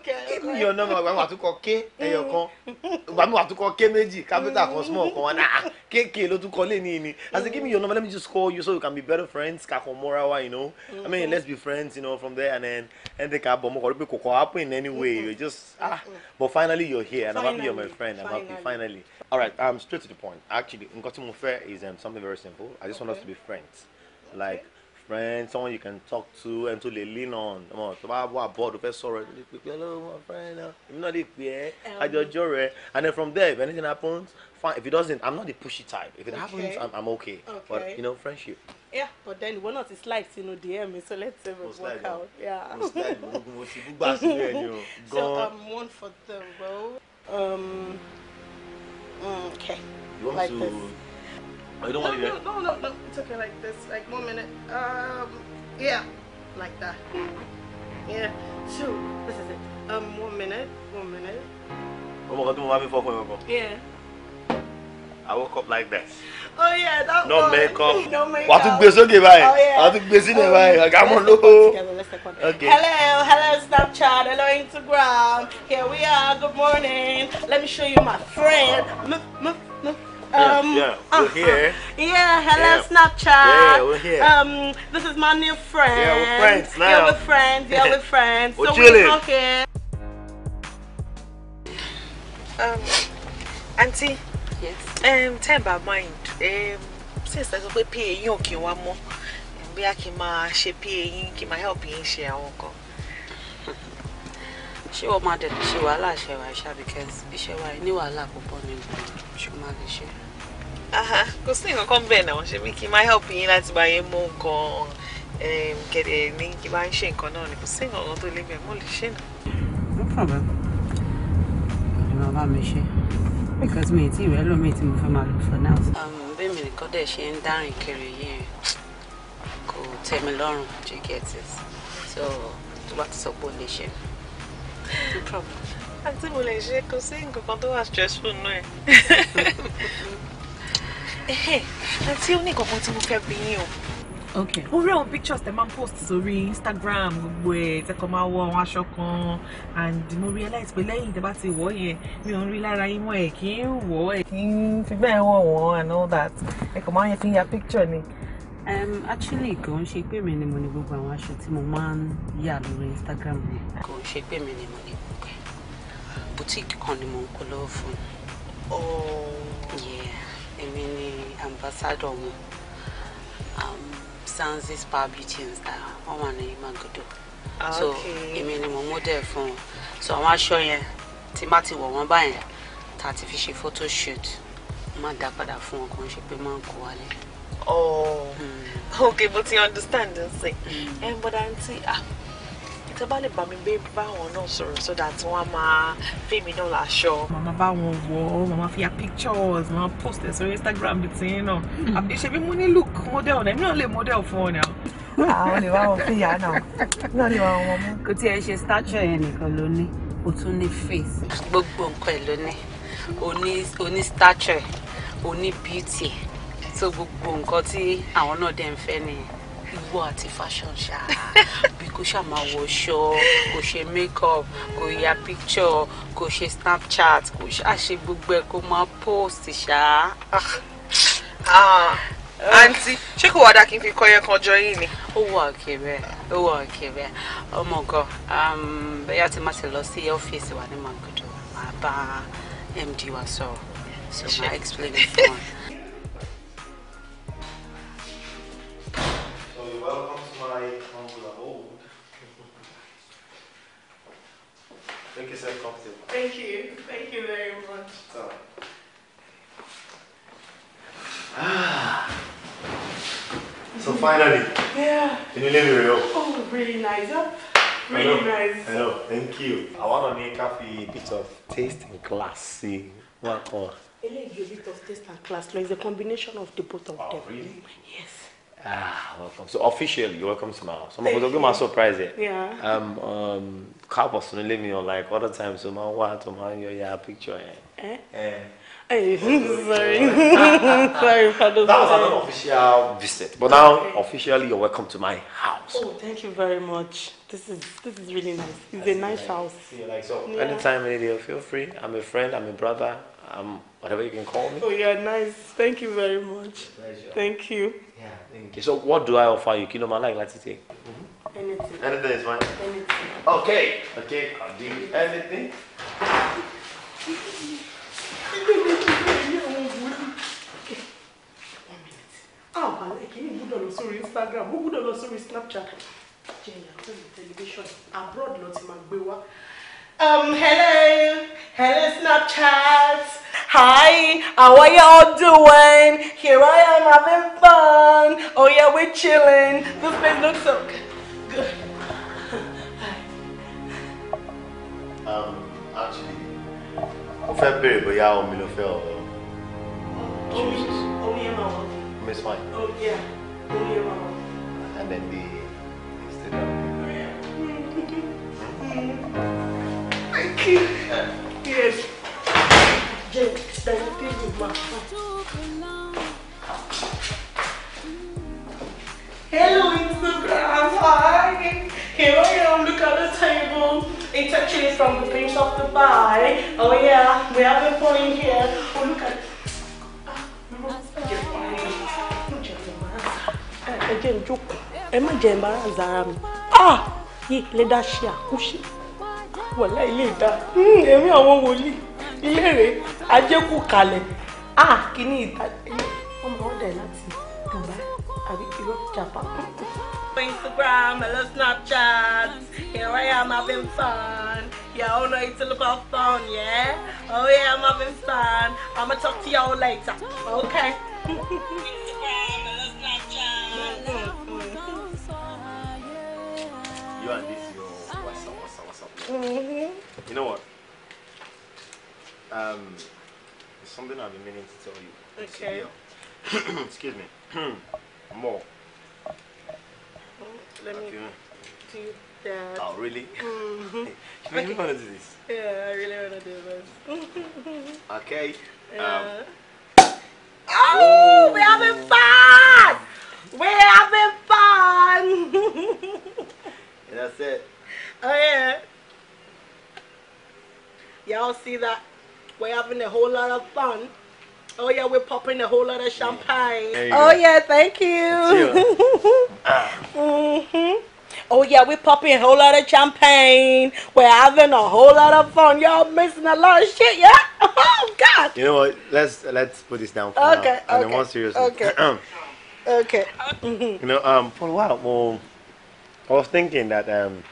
F: kí ni your number wàá wà tó kọ ké ẹyọ kan wàá mi wà tó kọ ké mm. méjì capital kan mm. small kan wà náà ah, kéèké ló tún kọ lé ní ní as in give me your number let me just call you so we can be better friends kakọ mọ́ra wa you know i mean mm-hmm. let's be friends you know from there and then ẹn tẹ ká bọ̀ mọ́ kọ́ pé kò kọ́ happen in any way mm-hmm. you just ah mm-hmm. but finally you're here and i'm happy you're my friend i'm happy finally all right um, straight to the point actually nǹkan tí mo fẹ́ is um, something very simple i just want us to be friends like friend someone you can talk to and to lè lean on ọmọ tó bá wà bored o fẹ́ sọ̀rọ̀ ẹni lè pè pé hello my friend èmi náà lè pè ẹ́ àjọjọ́ um. rẹ̀ and then from there if anything happens fine if it doesn't i'm not the pushy type if it okay. happens i'm, I'm okay. okay but you know friendship.
A: yeah but then we're not. náà ti you know, dm mi so let's say we work out. Yeah. mo ti gbúgbà sílẹ̀ ẹni o. so i'm one for the role. Um, mm, okay. you want like to. This. I oh, don't want to No, no, no, no. It's okay like this. Like one minute. Um, yeah, like that. Yeah. Two. This is it. Um, one minute. One minute.
F: Oh my God, my before Yeah. I woke up like that.
A: Oh yeah, that no one. Makeup. No makeup. Wàá tún gbé sókè báyìí. Oh yeah. Wàá tún
F: gbé sílẹ̀ oh, báyìí. Ọ̀gá mo ló. Okay.
A: Hello, hello Snapchat, hello Instagram. Here we are. Good morning. Let me show you my friend. M m Um, yeah, yeah, we're uh, here. Uh, yeah, hello yeah. Snapchat. Yeah, we're here. Um, this is my new friend. Yeah, we're friends now. Yeah, we're friends. Yeah, we're friends. so chilling. we're here. Um, auntie. Yes. Um, tell about mind. Um, since I go pay pay yín òkè wa mọ́, bí a kì í máa ṣe pay yín kì í máa help yín ṣe àwọn nǹkan. ṣé wọ́n máa dẹ̀ ṣe wàhálà ṣe wàhálà ṣá because iṣẹ́ wa ní wàhálà púpọ̀ nínú ṣùgbọ́n a lè ṣe é kò sí nǹkan kan bẹ́ẹ̀ náà ṣe bí kí n máa help yín láti bá yín mú nǹkan kẹ̀dẹ̀ ní kí n bá ṣe nǹkan náà ni kò sí nǹkan kan tó lé bẹ́ẹ̀ mo lè ṣe náà. no problem ọ̀rẹ́ máa bá mi ṣe because mi ì tí ìrẹ́ lómi mo fẹ́ máa lò for now. Um,
C: bẹ́ẹ̀ mi nìkan dẹ̀ ṣe ń dárìn kiri yìí
A: kò tẹ́ mi lọ́rùn jẹ́ get it so tó bá ti sọ pé o lè ṣe àti mo lè ṣe kò sí nǹkan kan tó wà stressful náà. àǹtí ó ní nǹkan kan tí mo fẹ́ bí yín o. Okay. ó rí àwọn pictures tẹ máa ń post sórí Instagram gbogbo ẹ tẹkọ máa wọ àwọn aṣọ kan and mo realize pé lẹ́yìn tẹ bá ti wọ̀ yẹn mi ò ń rí lára yín mọ́ ẹ̀ kì í wọ̀ ẹ̀ kì í fi bẹ́ẹ̀ wọ̀ wọ́n and all that ẹ kàn máa yẹ kí n ya picture ni. Um, actually kò ń ṣe pé mi ni mo ní gbogbo àwọn aṣọ tí mo máa ń yà lórí Instagram mi. kò ń ṣe pé mi ni mo ní boutique kan ni mo ń kó lọ́wọ́ fún. Oh. Yeah èmi ni ambassador wọn um, sanzi spa beauty and style wọn wà ní magodo so èmi ni mo model fún wọn so àwọn aṣọ yẹn tí má ti wọ̀ wọ́n báyẹn tá a ti fi ṣe photo shoot má dá padà fún wọn kàn ṣe pé má kó wálé.
B: Oh, mm. okay, hmm. eh, but
A: you understand, say, mm. and but auntie, ah, tẹ bá lè bá mi gbé báwọn náà sọ̀rọ̀ so that wọ́n á máa fèmí náà láṣọ. màmá bá wọn wọ màmá fi ya pictures màmá post ẹ Instagram bí ti yín náà hmm. ṣebí mo ní look model náà èmi náà lè model fún ọ náà.
C: àwọn ah, lè wá wọn fún ìyá náà
A: náà lè wá wọn mú. kò tí ẹ ṣe stature yẹn nìkan ló ní o tún ní face gbogbo nǹkan ẹ ló ní o ní stature o ní beauty so gbogbo nǹkan tí àwọn náà dẹ̀ fẹ́ nìyẹn ìwọ àti fashion ṣá bí kò ṣáà máa wọṣọ kò ṣe makeup kò ya picture kò ṣe snapchat kò ṣáà ṣe gbogbo ẹ kò máa post ṣá. àǹtí ah, ah, ṣé kò wá dáa kí n fi kọ́ yẹn kan jọ yín ni. ó wà òkè ó wà òkè ọmọ gan bẹ́ẹ̀ àti oh um, má ti lọ sí ọ́fíìsì wa ní Magodo màá bá MD wa sọ̀rọ̀ so màá explain it fún ọ.
F: welcome to my humble abode.
E: Make yourself comfortable. Thank you. Thank you very much. So.
F: Ah. So finally.
A: Yeah. Can you leave me alone? Oh, really nice. up. Really Hello. nice. Hello.
F: Thank you. I want to make coffee a bit of taste and classy. What or?
A: A little bit of taste and class. It's a combination of the both of oh, them. Really? Yes.
F: Ah, welcome. So officially, you're welcome to my house. So my to give my surprise. Yeah. Um, um, couples no leave me on like other times. So my wife, to my your yeah picture. Eh. Eh.
B: eh sorry,
A: sorry, pardon. That was an official
F: visit, but now okay. officially you're welcome to my
A: house. Oh, thank you very much. This is this is really nice. It's That's a nice, nice house. you like so.
F: Yeah. Anytime, any day, feel free. I'm a friend. I'm a brother. I'm whatever you can call me. Oh, yeah, nice. Thank you very much. Thank you. Okay, so what do I offer you? Kí ló máa like láti ṣe? Anything. Anything is fine. Anything. Okay. Okay. I'll do anything.
A: Ah, gbúdọ̀ lọ sórí Instagram ó gbúdọ̀ lọ sórí Snapchat jẹ ìyàtọ̀ ní tẹlifíṣọ̀n abroad lọ ti máa gbé wá. Um, hello hello Snapchat. Hi, how are you all doing? Here I am having fun. Oh yeah, we're chilling. This place looks so good.
F: Um, actually, mo fẹ́ béèrè bóyá omi ló fẹ́ ọ̀rọ̀. Omi Oh, ẹ̀ máa wọ̀. Omi Miss fine. Oh yeah, omi ẹ̀ máa wọ̀. And then the the stadium.
B: Yeah.
A: yes. Hello
C: Instagram, hi!
A: Here I am, look at the table. It's actually from the prince of Dubai. Oh yeah, we have a point here. Oh look at Ah, ẹ jẹ́ ìjókòó ẹ má jẹ́ embarrass ara mi ah yìí lẹ́dá ṣe àkúṣe wọ̀lá ilé ìdá èmi àwọn wòlíì ìyèrè ajékù kalẹ̀ á kíní ìta ọmọ ọdẹ láti Dubai àbí irọ́ Japan. Instagram, hello Snapchat, here I am having fun. Y'all know it's all about fun, yeah? Oh yeah, I'm having fun. I'ma talk to y'all later, okay?
C: Instagram, hello Snapchat. You and this, your what's
F: up, what's up, what's
A: up? Mm-hmm.
F: You know what? Um, there's something I've been meaning to tell you. Okay. Excuse me. More. Oh,
A: let me okay. do that. Oh, really? Mm -hmm. you okay. want to do this? Yeah, I really want to do this.
F: okay. Yeah. Um.
A: Oh, we're having fun! We're having fun! And that's it. Oh, yeah. Y'all see that? We're having a whole lot of fun. Oh yeah, we're popping a whole lot of champagne. Oh go. yeah, thank you. Ah. mm-hmm. Oh yeah, we're popping a whole lot of champagne. We're having a whole lot of fun. Y'all missing a lot of shit, yeah? Oh God.
F: You know what? Let's let's put this down for okay, now. Okay. And then more seriously. Okay.
A: okay. you
F: know, um, for a while, well, I was thinking that um,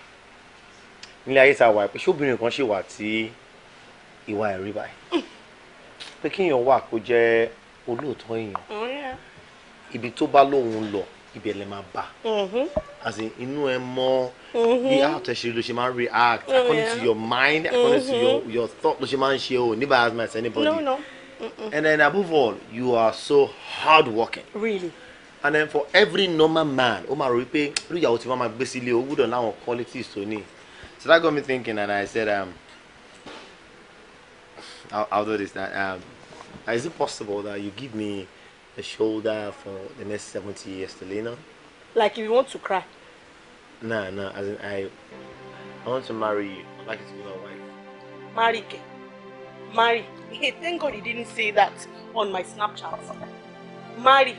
F: nílé ayé ta wà pé ṣé obìnrin kan ṣì wà tí ìwà ẹ̀rí báyìí pé kéèyàn wà kó jẹ́ olóòótọ́ èèyàn oh, ibi tó bá lóun lọ ibẹ̀ lè máa bà mm-hmm. as in inú ẹ mọ mm-hmm. bí àtẹ̀ṣe ló ṣe máa ń react oh, according to your mind according to your mm-hmm. your thought ló ṣe máa ń ṣe o nígbà as much as anybody no, no. and then above all you are so hard working really and then for every normal man ó máa rò wípé irú ìyàwó tí wọ́n máa gbé sílé o gbúdọ̀ láwọn qualities tó ní so that got me thinking and I said. Um, I'll, I'll do this. That um, is it possible that you give me a shoulder for the next seventy years to lean on?
A: Like if you want to cry.
F: Nah, nah. As in, I, I want to marry you. I'd like to be your
A: wife. Marry, marry. Hey, thank God he didn't say that on my Snapchat. Marry.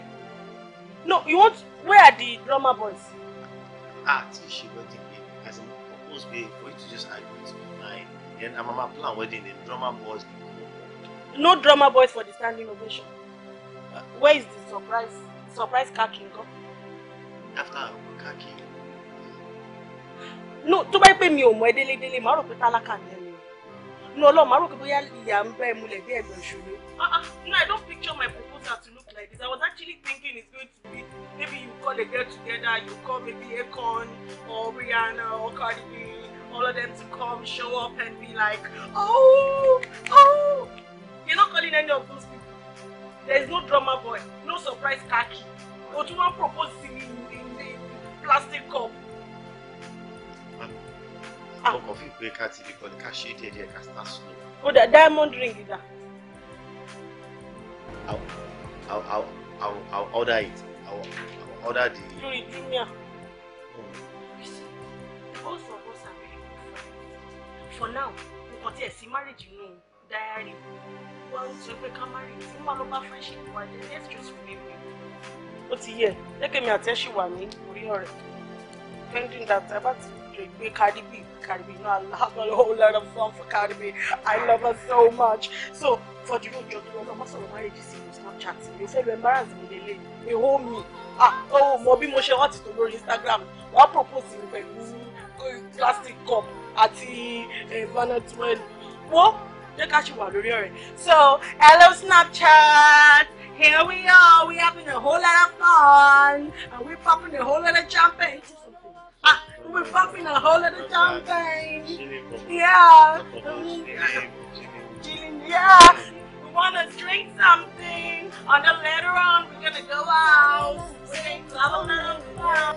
A: No, you want. Where are the drama boys? Ah, she got it. As in, supposed to for you to just agree.
F: Then I'm gonna plan wedding in drama boys.
A: No drama boys for the standing ovation. Uh, Where is the surprise surprise khaki go? After khaki. No, to bá pé mi ò mọ̀ ẹ́ délé délé, màá No pé Maro ni ẹ nu ọlọ́run máa rò pé ah, ah, no i don't picture my proposal to look like this i was actually thinking it's going to be maybe you call a girl together you call maybe Akon or Rihanna or Cardi B all of them to come show up and be like, oh, oh. You're not calling any of those people. There is no drama boy, no surprise khaki. Otuman proposed in, in, the plastic cup.
F: Ah. Ọkọ̀ fi pé ká ti dìbò cashier ṣe díẹ̀ díẹ̀ ká start slow.
A: Ó dà diamond ring dà.
F: I'll, I'll, I'll, I'll, I'll order it. I'll, I'll order the.
A: Lórí Jumia. Oh. Awesome for now nǹkan tí ẹ̀ sí marriage nù diary wọ́n sọ pé ká marry fún wa ló bá friendship wa jẹ́ let's just remain people. ó ti yẹ lẹ́kẹ̀mí àtẹ́sí wà ní orí ọ̀rẹ́ pending that ẹ bá ti rè pé Caribbean Caribbean náà I have a whole lot of fun for Caribbean I love her so much so for the road jọ̀dún ọlọ́ má sọ̀rọ̀ marriage sí mi Snapchat mi fẹ́ lu embarrass mi lélẹ̀ mi hó mi ah oh mo bí mo ṣe hot tó lórí Instagram wọ́n propose mi pẹ̀lú plastic cup àti bernard well wo jẹ́ ká so hello Snapchat here we are we having a whole lot of fun and we popping a whole lot of champagne. Ah, we're popping a whole lot of champagne.
C: Yeah.
A: Yeah. We want to drink something. And then later on, we're going to go out. We're going to have a little fun.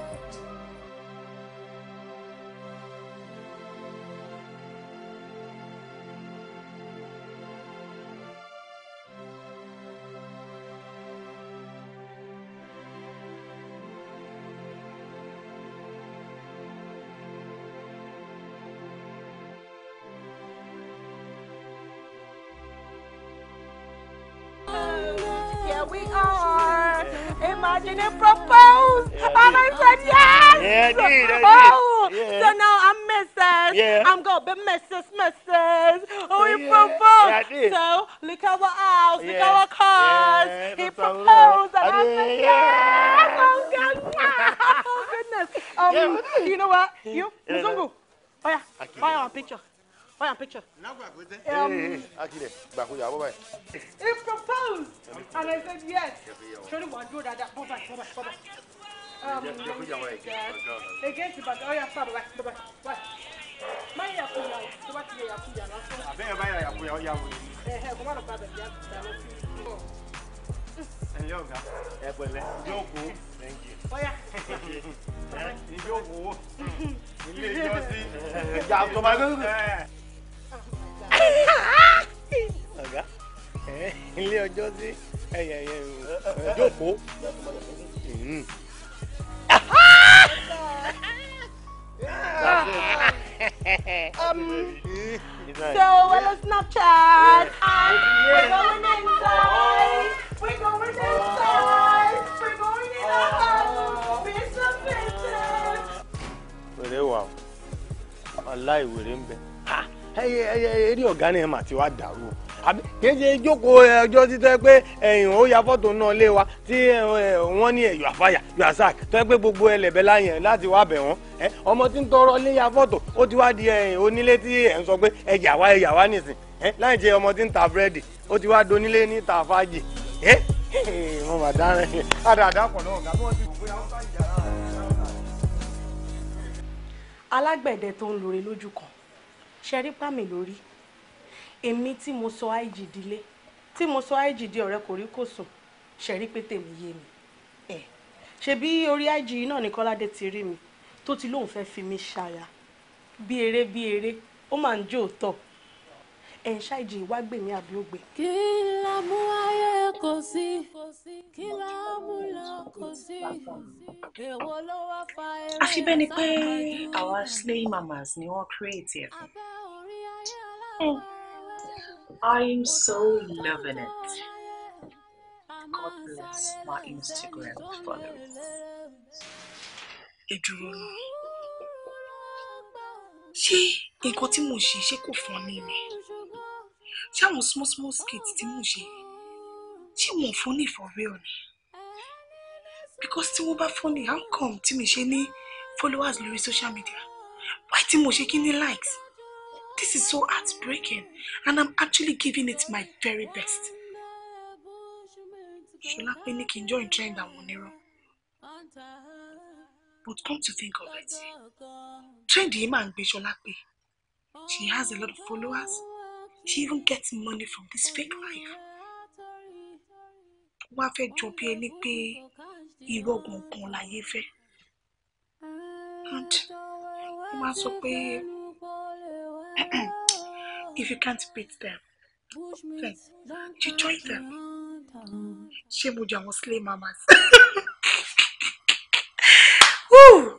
A: Imagine it proposed. Yeah, and I said, yes. Yeah, I did. I did. Oh, yeah. so now I'm Mrs. Yeah. I'm going to be Mrs. Mrs. Oh, he yeah. proposed. Yeah, So look at our house, yeah. look at our cars. Yeah, he proposed. And I, I said, yes. Oh, goodness. oh, goodness. Um, yeah, you know what? You, Mzungu. Oh, yeah. Buy our picture. Oh, yeah, picture. Now go um, hey, hey,
F: Akile, back with your wife. He
A: proposed,
F: and
C: I
A: said yes. Surely one do that. Come back, come back, come back. Um, against the back. Oh yeah, sorry, wait, wait, wait. My yapu ya, so what you yapu ya? Abe ya, my yapu ya, yapu. Eh, eh, come on, come back, yeah.
F: Yoga, Ebele, Joko, thank you.
A: Oh yeah.
B: Joko, eh, ilé
F: ìjọsìn, ìjà eh, àtọmọdé.
E: ilé ọjọ́ sí ẹ̀yẹ̀ ẹ̀yẹ̀ ìjókòó.
A: um, so we're on Snapchat and
C: we're going inside.
B: We're going inside. We're going in our
E: house. We're so festive. Wèrè wà o, ọ̀la ìwèrè ń bẹ. Ẹyẹ ẹyẹ eré ọ̀gá ni ẹ mà ti wá dàrú o kéde jókòó ẹjọ́ títọ́ pé ẹ̀yìn ó ya fọ́tò náà lé wa tí wọ́n ní ẹ̀yọ̀ àfàyà yọ̀ àṣàk tọ́ pé gbogbo ẹlẹ́bẹ̀ láyẹn láti wá bẹ̀ wọ́n ọmọ tí ń tọrọ lé ya fọ́tò ó ti wá di onílé tí ẹ̀ ń sọ pé ẹ̀yà wá ẹ̀yà wá nìsín láì jẹ́ ọmọ tí ń ta búrẹ́dì ó ti wá donílé ní ta fàájì mo mà dára ẹ̀
A: náà ọ̀gá bí wọ́n ti mọ̀ èmi tí mo sọ ig dílé tí mo sọ ig ọ̀rẹ́ kò rí kò sùn ṣẹ̀rí pé tèmi yé mi ẹ̀ ṣebí orí ig náà ni kọ́ládé ti rí mi tó ti lóun fẹ́ẹ́ fi mí ṣaya bí eré bí eré ó máa ń jó òótọ́ ẹ̀ ń ṣáìjì wá gbè mí àbí ògbè. kí la mú ayé kò
C: sí kí la mú lọ kò sí èwo ló wá
D: fa eré. àfi bẹ́ẹ̀ ni pé àwa slay mamas ni wọ́n create ẹ̀ fún. I'm so loving it.
C: God bless my Instagram
D: followers. Ẹ you nù. Ṣé nǹkan tí mo ṣe ṣé kò fún ní mi? Ṣé àwọn small small skits tí mo ṣe ṣé for real ni? Because timuba funny, bá how come tí mi ṣe
A: ní followers lórí social media? Why tí mo likes? This is so heartbreaking, and I'm actually giving it my very best. Ṣọlá pé ní kí n join But come to think of it, trendy yìí máa ń gbé She has a lot of followers. She even gets money from this fake life. Wọ́n á fẹ́ jọ bí ẹni pé irọ́ gangan láyé fẹ́. And wọ́n á sọ pé. if you can't beat them, then
C: you join them.
D: Shame with your Muslim mamas. Woo!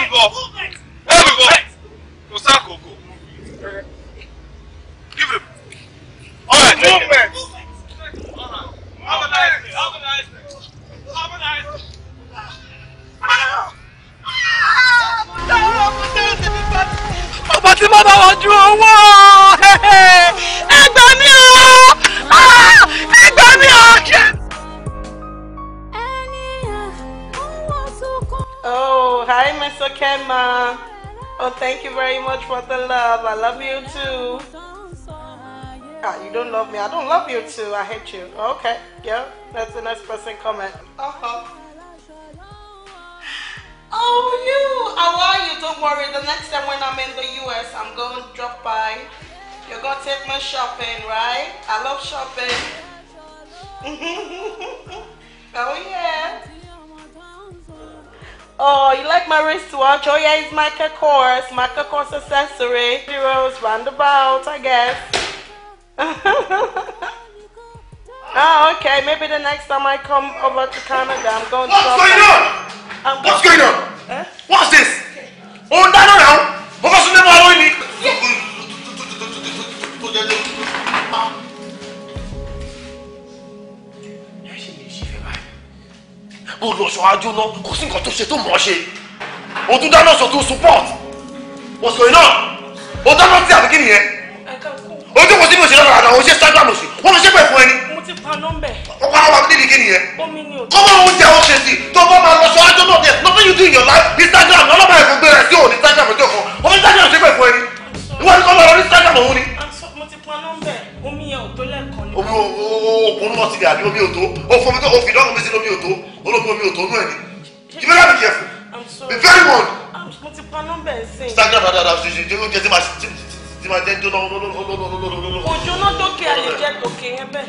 B: Everybody! Everybody! ẹ̀rù bọ̀ kò
A: love. I love you too. Ah, you don't love me. I don't love you too. I hate you. Okay. Yeah. That's the next person comment. Uh-huh. Oh, you. How are you? Don't worry. The next time when I'm in the US, I'm going to drop by. You're going to take me shopping, right? I love shopping. oh, yeah. Oh, you like my wristwatch? Oh yeah, it's Michael Kors. Michael Kors accessory. Zeros roundabout, I guess. oh, okay. Maybe the next time I come
B: over to Canada, I'm going What's to... What's going on? I'm What's going on? Huh? Eh? What's this? Oh, no, no, no. Because you never know. me. Yes.
F: bó lọ sọ ajo náà kò sí nǹkan tó ṣe tó mọ̀ ṣe o tún dáná sọ tó
B: support wọ́n sọ iná o dáná sí àbíkí nìyẹn o jókòó sí mi ò ṣe lọ́kọ̀ àdá o ṣe sáájú àmọ̀ṣe wọ́n fi ṣépè fún ẹni. mo ti pa nọ́mbẹ̀. ọkọ àwọn àbíkí nìyẹn. kọ́mọ oúnjẹ ó ṣe sí tó bọ́ máa lọ sọ náà there nothing you do in your life Instagram ọlọ́mọ ẹ̀kọ́ gbéra sí òní Instagram ọjọ́ kan o fi Instagram ṣépè fún ẹni. ìwọ
A: ti pa
F: omi òkun náà ti rẹ̀ àbí omi òtó òfin omi tó òfin dọ́nà omi sí omi òtó olómi omi òtó náà ni you better be careful
C: be very warned. Ah,
A: mo ti pa nọ́mbà ẹ̀ sìn. instagram dáadáa
F: ṣe ṣe ó jẹ tí máa jẹ jóná lọ́lọ́lọ́lọ́lọ́lọ́lọ́.
A: òjò náà dókè àlè jẹ gòkè yẹn bẹ́ẹ̀.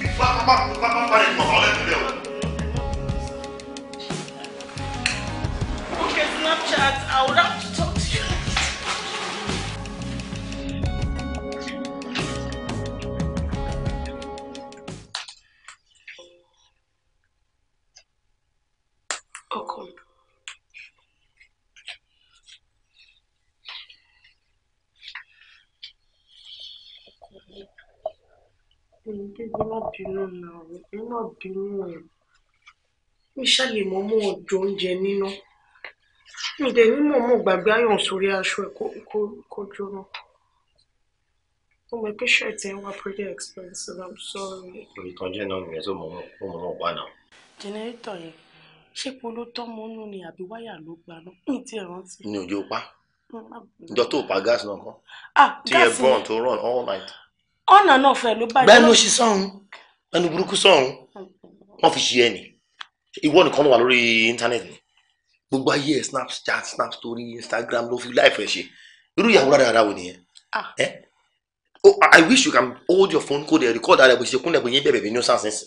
B: fífa pápá pápá rẹ̀ kọ̀ọ̀kan lẹ́nu rẹ̀ o. okay snapchat
C: àwòrán.
D: ẹ má bínú náà ẹ má bínú ẹ mi ṣàlè mọ mọ ọjọ oúnjẹ níná mi dẹ ní mọ mọ gbàgbé ayọ̀n sórí aṣọ ẹ kó jóná ó mọ pé shirt ẹ wá pretty expensive i'm sorry.
F: ìtọ́jú náà nìyẹn tó mọ̀ mọ̀ mọ̀ pa náà.
A: jẹnẹrétọ̀ yẹn ṣé polo tọ́mọ nù ni àbí wáyà ló gba náà ní ti rántí. ní ojú pa ìjọ
F: tó pa gáàsì náà kọ́
A: ah, tí ẹ bọ́ọ̀n
F: tó rán all night
A: ọ̀nà náà fẹ́ ló bàjẹ́. gbẹ́nu sí sọ́hún
F: ẹnu burúkú sọ́hún wọ́n fi ṣe ẹni ìwọ nìkan ló wà lórí íńtánẹ́ẹ̀tì ni gbogbo ayé ẹ̀ snapchat snap story instagram ló fi láìpẹ́ ṣe irú ìyàwó rárá wo nìyẹn. Ah. Oh, I wish you can hold your phone code there record that ẹ̀bùn ìṣekúnlẹ̀ ẹ̀bùn yín bẹ̀rẹ̀ bí new sense ṣe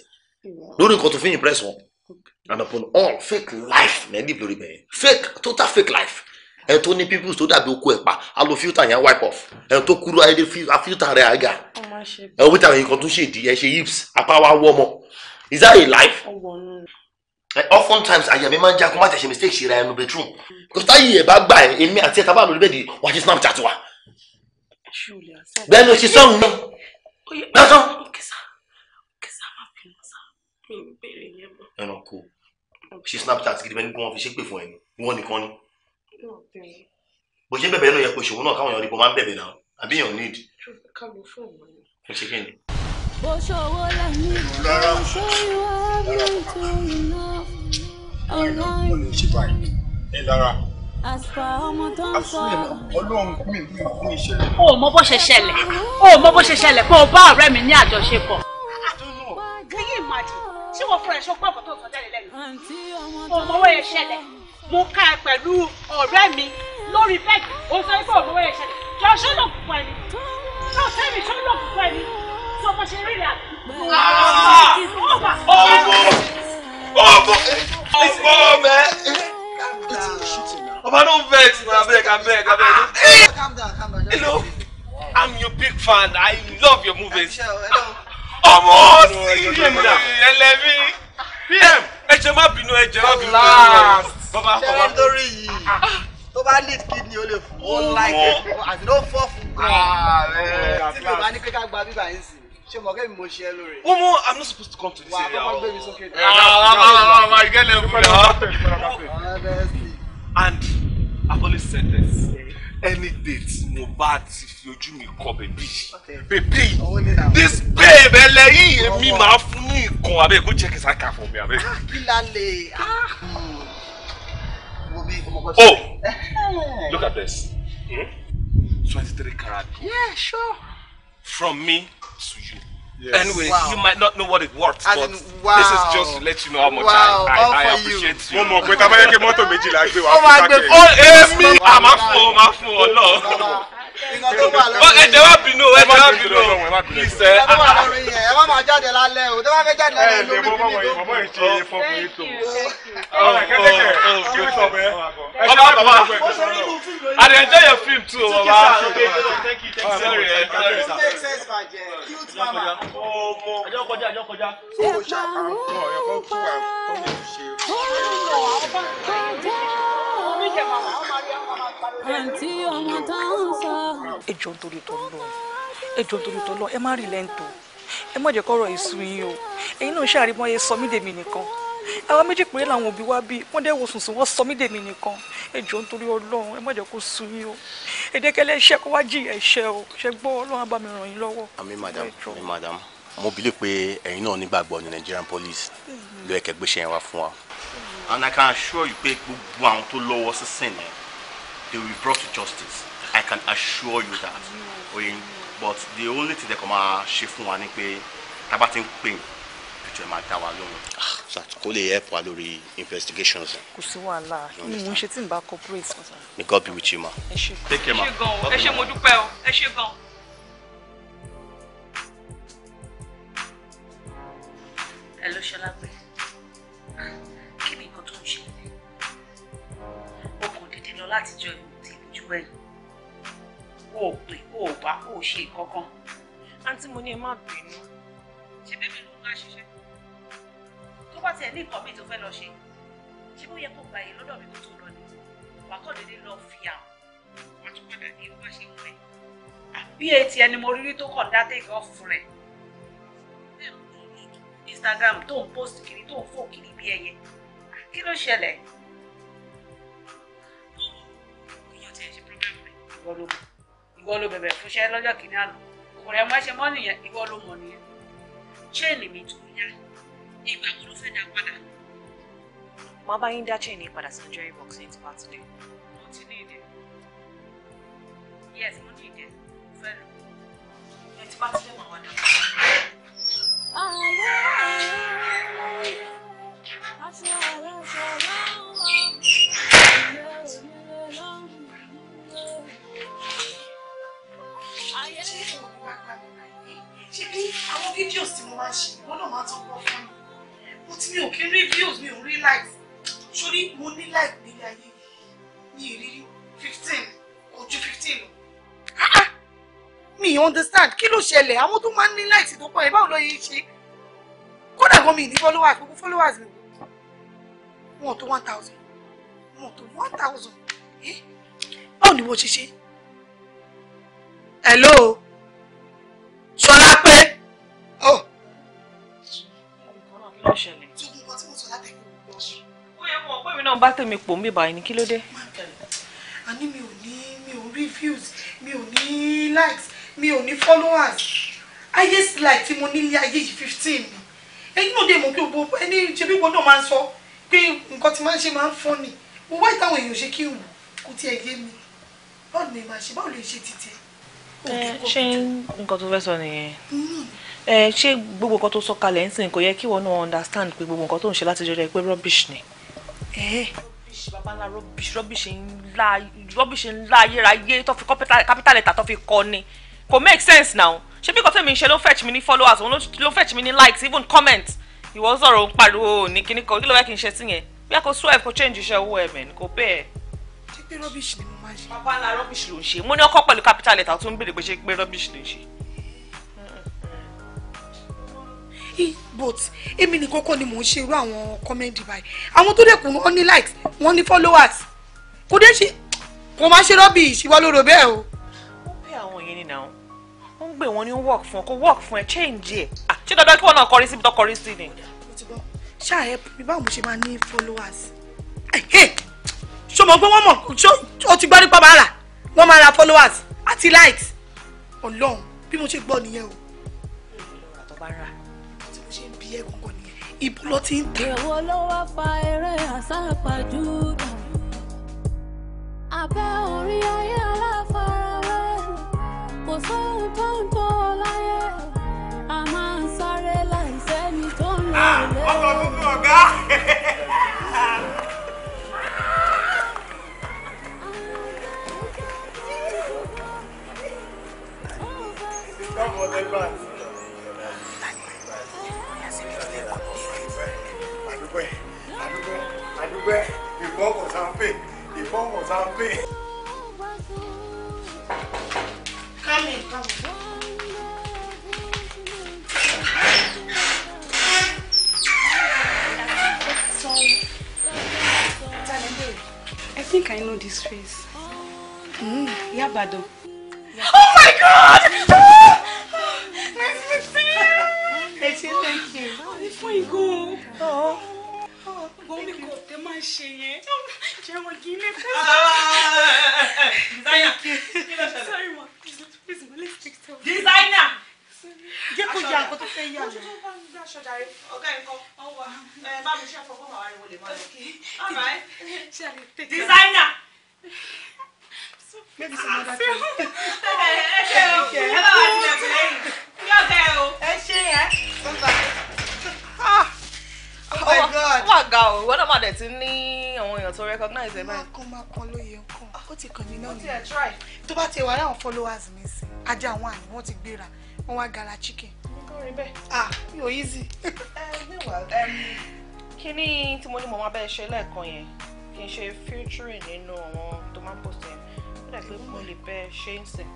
F: lórí nǹkan tó fi impress wọn and upon all fake life ní ẹ̀dí ìbílórí bẹ̀rẹ̀ fake total fake life ẹni tó ní pimples tó dàbí oko ẹ̀pà á lo filter yẹn wipe off ẹni tó kúrú ayé filter rẹ̀ àga ẹni wíta yẹn kan tún ṣe ìdí ẹ ṣe hips apá wa wọ́ ọmọ is that a life? often times àyà mi máa ń jẹ́ akọ́mọ́ àtẹ̀ṣe mistake ṣe ra ẹnu bedroom because táyì ẹ̀ bá gbà ẹ̀ èmi àti ẹ̀ta bá lórí bẹ́ẹ̀ di wàá ṣe snapchat wa bẹ́ẹ̀ ni o ṣe sọ́hun náà lọ́sàn. ẹranko ṣe snapchat gidi bẹ́ẹ̀ ni kí wọ́n fi ṣépè fún ẹ ni wọ́n nìkan ni bó ṣe bẹ̀bẹ̀ nù yẹ kó náà káwọn èèyàn rí bó máa ń bẹ̀bẹ̀ náà àbí èèyàn need.
B: ó ṣe kíni.
C: bó ṣòwò lẹ́yìn bó ṣe ìwà mi tó iná ọ̀la àṣà
A: ọmọ tó ń sọ. ọlọ́run mi ní ìṣẹ̀lẹ̀. o mọ bó ṣe ṣẹlẹ̀ o mọ bó ṣe ṣẹlẹ̀ pé o bá ọ̀rẹ́ mi ní àjọṣepọ̀. kí yìí máa jù tí wọ́n fún ẹ̀ ṣọ́ mo ká ẹ pẹ̀lú ọ̀rẹ́ mi lórí bẹ́ẹ̀dì ó sọ pé òun wẹ̀ ṣẹlẹ̀ jọ ṣó lò fún ẹni ṣó sẹ́mi ṣó lò
B: fún ẹni
C: tó mo ṣe rí rẹ̀ àti. ọ̀bọ̀ ọ̀bọ̀
B: ọ̀bọ̀ mẹ́ Oba no vex na abeg abeg abeg. Calm down, calm down. Hello, I'm your big fan. I love your movies. Ọmọ sí yìí ni ẹlẹ́mí. PM, ẹ jẹ́ má bínú ẹ jẹ́ má bínú bó bá fọwọ́ ṣé lórí
A: yìí tó bá
B: need kidney ó lè fún ó láìpẹ́ àti ló fọ́ fún gan-an tí mo bá ní pé ká gba bíbá yín sí ṣe mọ̀ kẹ́mi mo ṣe ẹ lórí. wọ́n mú i'm not supposed to come to this area. wà á kọ́kọ́ gbé mi sókè. àwọn àgẹ́lẹ̀ ń bọ̀ ọ́. and i've always said this any date mo bá ti fi ojú mi kọ bèbí bèbí this babe ẹlẹ́yìn èmi máa fún ní nǹkan abẹ́ kó jẹ́ kí sáà kà fún mi abẹ́. Ah, kí la lè. Ah. Oh, oh! look at this. Hmm? 23 karat. Yeah, sure. From me to you. Yes. Anyway, wow. you might not know what it worth, As but in, wow. this is just to let you know how much wow. I, I, I appreciate you. Mo mọ̀ pé tá a bá yẹ kí mọ́tò méjìlá gbé wa fún sákẹ́. Ó máa gbé. Ó oh, èmi àmàfọ̀ ah, màfọ̀ nǹkan tó wà lọ́rùn yẹn. ẹ jẹ́ wá bínú ẹ jẹ́ wá bínú ìṣẹ́. nǹkan tó wà lọ́rùn yẹn ẹ má máa jáde lálẹ́ o tó bá fẹ́ jáde lálẹ́ lórí bíbí tó. mọ̀mọ́ yìí ṣe fọkùnrin tó.
C: ọba bàbá àdéhùn yẹn fíìmù tù ọ bàbá.
B: ọjọ́ kọjá ọjọ́ kọjá.
C: ó ṣàkàrọ̀ ọ̀yọ́kọ̀ tó wà tó lè ṣe. ó ní kẹ̀ màmá ó máa rí àwọn àǹtí ọmọ tá à ń sọ.
A: ẹ jọ̀ọ́ nítorí t'Ọlọ́run ẹ jọ̀ọ́ nítorí t'Ọlọ́run ẹ má rí lẹ́ǹtọ̀ ẹ má jẹ́ kọ́rọ̀ èso yín o ẹ̀yin náà ṣàrímọ́ ẹ sọ mí dèmi nìkan àwa méjì péré làwọn òbí wa bí wọ́n dẹ́ wo sùnsùn wọ́n sọ mí dèmi nìkan ẹ jọ̀ọ́ nítorí Ọlọ́run ẹ má jẹ́ kó sú yín o èdèkẹ́lẹ́ iṣẹ́ kó wá jìyà iṣẹ́ o ṣe gbọ́ Ọlọ́run bá mi ràn yín lọ́wọ́.
B: àmì madam àmì madam mo believe pé ẹ̀yin náà nígbàgbọ́ ní Nigerian police ló ẹ̀kẹ́
F: gbéṣẹ́ yẹn wá fún wa and I can assure you pé gbogbo àwọn tó lọ́wọ́ sísìn yẹn they will be brought to justice i can assure you that oyin but the only thing they come out ṣe fún wa ni pé tábà ti ń pè ètò ẹ̀ máa dá wa lóhùn. Ah, kó lè help wa lórí investigations.
A: kò sí wàhálà inú mo ń ṣe tí n bá cooperate.
F: may God be with you ma. ẹ ṣe
D: gan ẹ ṣe mo dúpẹ́ o ẹ ṣe gan o. hello ṣọlá
A: pé. látijọ́ ìmọ̀tẹ́ lójú ẹ̀ o ò pè o ò bá o ò ṣe kankan àǹtí mo ní ẹ má bínú ṣé bébí ló ń bá ṣiṣẹ́ tó bá tiẹ̀ ní nǹkan míì tó fẹ́ lọ ṣe ṣé bó yẹ kó gba èyí lọ́dọ̀ mi kó tó lọ ni wà á kọ́ dédé lọ fi àwọn wọ́n tún padà ní wọ́n ṣe ń àbí etí ẹni mo rírí tó kàn dá tẹ́kẹ̀ ọ̀f rẹ̀ Instagram tó ń post kiri tó ń fò kiri bí ẹyẹ kí ló ṣẹlẹ̀? ìwọ ló mọ̀ ìwọ ló bẹ̀bẹ̀ fúnṣẹ́ lọ́jọ́ kìíní àná ọkùnrin ẹ̀mọ́ ẹ̀ṣẹ̀ mọ́ nìyẹn ìwọ ló mọ̀ nìyẹn chain mi tó yá
C: ìgbà wo ló fẹ́ dá padà.
A: màá bá yín dá chain yín padà sí jewelry box ní ti pàtó dé. mo ti ní ìdẹ yes mo ní ìdẹ mo fẹ́ lò ó ti pàtó dé màá wá dá padà.
C: Thank you ayé ṣe fún mi wá gbà mí báyìí
A: ṣe bí àwọn fídíòs tí mo máa ń ṣe wọn náà máa ń tọpọ fún mi mo likes sórí mo ní like nílé ayé mi ìrírí fifteen ojú fifteen understand kí ló ṣẹlẹ̀ àwọn tó máa ń ní likes tó pọ̀ ẹ̀ báwo ló yẹ ṣe kódà gan mi ní followers gbogbo followers mi wọn tó one thousand wọn tó one thousand. Eh? báwo ni mo ṣe ṣe hello sọlá oh! pé ọ.
D: ó náà bá tèmi pò ń bèbà ẹni kí ló dé. àní
A: mi ò ní mi ò rí views mi ò ní likes mi ò ní followers highest like tí mo ní ilé ayé yìí fifteen ni ẹ̀yin dé mọ̀ pé gbogbo ẹni ṣe bí gbogbo máa ń sọ pé nǹkan tí máa ń ṣe máa ń fọ́ ni mo wá ìtàwọn èèyàn ṣe kí n wò kó tiẹ̀ yé mi báwo ni màá ṣe báwo lè ṣe títí. Eh, ṣé nǹkan tó fẹ́ sọ nìyẹn mm-hmm. eh, ṣé gbogbo nǹkan tó sọ kalẹ̀ ń sìn kò yẹ kí wọn náà understand pé gbogbo nǹkan tó ń ṣe láti jọjọ pé rubbish ni. Eh. rubbish babalá rubbish rubbish ńlá rubbish ńlá ayérayé tó fi capital letter tó fi kọ ni kò make sense now ṣé bí kọ́tẹ́mi ṣe ló fetch mi ní followers òun ló fetch mi ní likes even comments ìwọ sọ̀rọ̀ ń pariwo ní kíní kan kí ló fẹ́ kí n ṣe sí yẹn bí a kò swerve kò change iṣẹ́ owó ẹ̀ mẹ́ni kò bẹ́ẹ̀ pé rubbish ni mo máa ṣe. bàbá ńlá rubbish ló ń ṣe mo ní ọkọ pẹ̀lú capital letter tó ń béèrè pé ṣe pé rubbish ló ń ṣe. but èmi nìkan kọ́ ni mò ń ṣe irú àwọn kọ́mẹ́ǹdì báyìí àwọn tó dẹ̀kun wọn ní likes wọn ní followers kò dé ṣe kò máa ṣe rubbish ìwà lóró bẹ́ẹ̀ o. ó pé àwọn
D: yẹn nínú àwọn ó ń gbé wọn ní work fún ọ
A: kó work fún ẹ change ẹ ṣé dandan kí wọn náà kọrin síbi tó kọrin sí ni. ṣáà ẹ báwo mo ṣe máa ní followers ṣó mọ̀ pé wọ́n mọ̀ ṣó o ti gbọ́ nípa bàárà wọ́n máa ra followers àti likes ọlọ́run bí mo ṣe gbọ́ nìyẹn o. ibo ló ti ń
C: ta. èwo ló wá pa eré àsápajúdà abẹ́ orí ayé aláfarawé kò sóhun tó ń tó láyé a máa ń sáré láìsẹ́ni tó ń lò ah, lé. ọkọ̀ gbogbo ọ̀gá.
E: àdúgbẹ́ ìbọn kò sá ń pè ìbọn kò sá ń
A: I think I know this face. Mm, Yabadan. Yeah, oh my God! ẹ ṣe thank you. fún igun gómi kò tẹ máa ń ṣe yẹn jẹun kì í lè fẹ́. designer sorry ma please ma let's take time. designer jẹ́ kó jẹ́ àkótó fẹ́ yá mi. ọ̀gá ẹ̀kọ́ ọ̀wà bá mi ṣe àfọwọ́ màá rí wọlé máa lọ. designer. Maybe some other ah, time. Ẹ ṣe o. Ẹ ṣe o. Ẹ ṣe o wà ga o ìwọ náà má dẹ̀ ti ní àwọn èèyàn tó recognize ẹ báyìí. máa kan máa kan lóye nǹkan ó ti kàn mí náà nìyẹn tó bá ti wà láwọn followers mi sí ajá àwọn àyè wọn ti gbéra wọn wá gara chicken. ah yóò easy. Eh, kí ni tí mo ní mo máa bẹ́ẹ̀ ṣe lẹ́ẹ̀kan yẹn kí n ṣe filtering nínú àwọn tó máa ń post yẹn ó dà pé mo lè bẹ́ẹ̀ ṣe ń sìn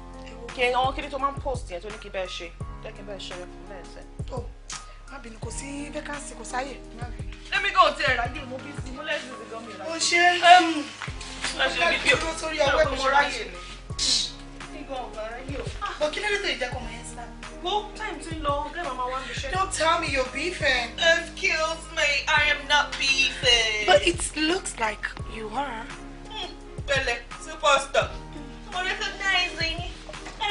A: kí àwọn kí ni tó máa ń post yẹn tó ní kí bẹ́ẹ̀ ṣe jẹ́ bẹ́ẹ̀ ṣe lẹ́ẹ̀kan lẹ́ẹ̀sẹ̀ tó oh, má bínú kò sí vacancy kò sáyè. èmi kò tiẹ̀ rájú mo bí sí mo lẹ́sìn sí gan mi rájú. o ṣe é ọ̀gá ìdúró sórí ọwọ́ ẹ̀ ráyè ni. nígbà ọ̀gá ráyè o. Ah, bọ̀ kí lóde ìjẹ́ kọ́ mọ yẹn sí náà. Go time to long, Grandma want to share. Don't tell me you're beefing. Excuse me, I am not beefing. But it looks like you are. Mm, really, superstar. Mm. Recognizing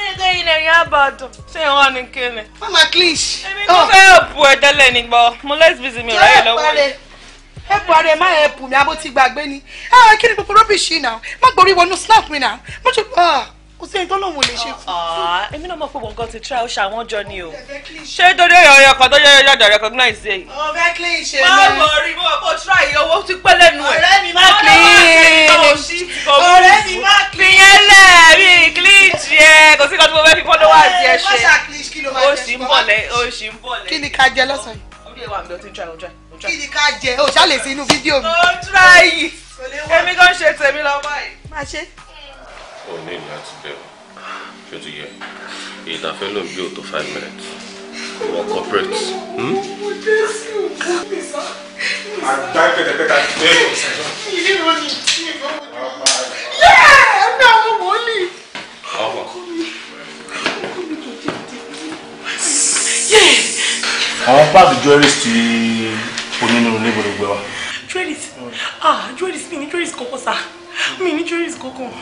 A: ẹnìkan yìí lè yá àbàdàn ṣé ìwọ ni kéne. mama clish. èmi oh. kò fẹ́ òpù ẹ̀ tẹ́lẹ̀ ní gbọ́ mo less busy mi ráyè lọ́wọ́ rẹ̀. ẹ bu ara ẹ má ẹ bù mí abó ti gbàgbé ni ah, kí ni gbogbo rọ́bìṣì náà má gbórí wọnú snap mi náà mo ti. Ah kò sí ìtọ́ lòun ò lè ṣe fún. Ah, èmi náà mọ̀ pé nǹkan ti try ó ṣe àwọn jọ ni o
E: ṣé dóde èèyàn ọkọ̀ tó yẹ́yẹ́ yọ̀dọ̀ recognize ẹ̀.
A: ọbẹ̀ clean ṣe lọ. má mọ̀ rí mo kò try owó ti pẹ́ lẹ́nu ẹ̀. ọ̀rẹ́ mi má clean ọ̀rẹ́ mi má clean. ìyẹn lẹ̀ mi clean jẹ kò sí kan tí mo fẹ́ fi fọ́dọ̀ wá àti ẹ ṣe. ó sì ń bọ̀ lẹ́ ó sì ń bọ̀ lẹ́. kí ni ká jẹ lọ́sàn-án kí ni ká jẹ o ṣáà lè sí inú fídíò mi. ó ń tíráyì èmi kan ṣe tèmi lọ báyìí. má ṣe
B: ò ní láti bẹ̀rù ṣé ti yẹ ìdáfẹ́ ló ń bí òtò five minutes wọ́n corporate. àgbá pẹ̀tẹ̀pẹ̀tẹ̀ àti bẹ́ẹ̀ lọ sẹ́yìn. ilé ìwọ ni ìdí ìfọwọ́ ojú. yẹ́ẹ̀ ẹgbẹ́
C: àwọn wòlíì.
B: ọkọ àwọn pààkì jewelry ti. injuries kankan.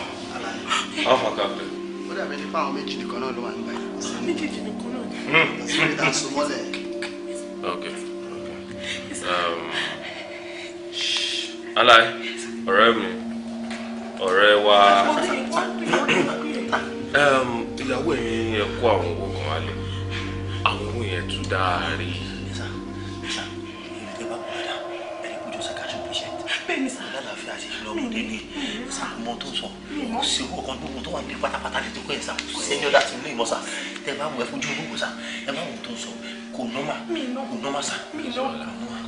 B: how far ka pẹ. ó dàbí nípa àwọn méjì nìkan náà ló wà nígbà yìí. àwọn méjèèjì nìkan náà.
F: sórí tá a sọ mọ́lẹ̀. okay um,
B: aláì ọ̀rẹ́ mi ọ̀rẹ́ wa um, ìyàwó ẹ̀yìn ẹ̀kọ́ àwọn owó kan wálé àwọn owó yẹn tún dáa rí i.
F: lọ́mọdé ni mm-hmm. sá mo tó sọ mm-hmm. kò sí owó kan gbogbo tó wà ní pátápátá lè tó kọ́ ẹ̀ sa, kò sẹ́ni ọ̀dà tí mo lè mọ̀ sá tẹ bá mọ ẹ fojú olówó sá
B: ẹ bá mọ tó sọ kò nọ́mà kò nọ́mà sá. kò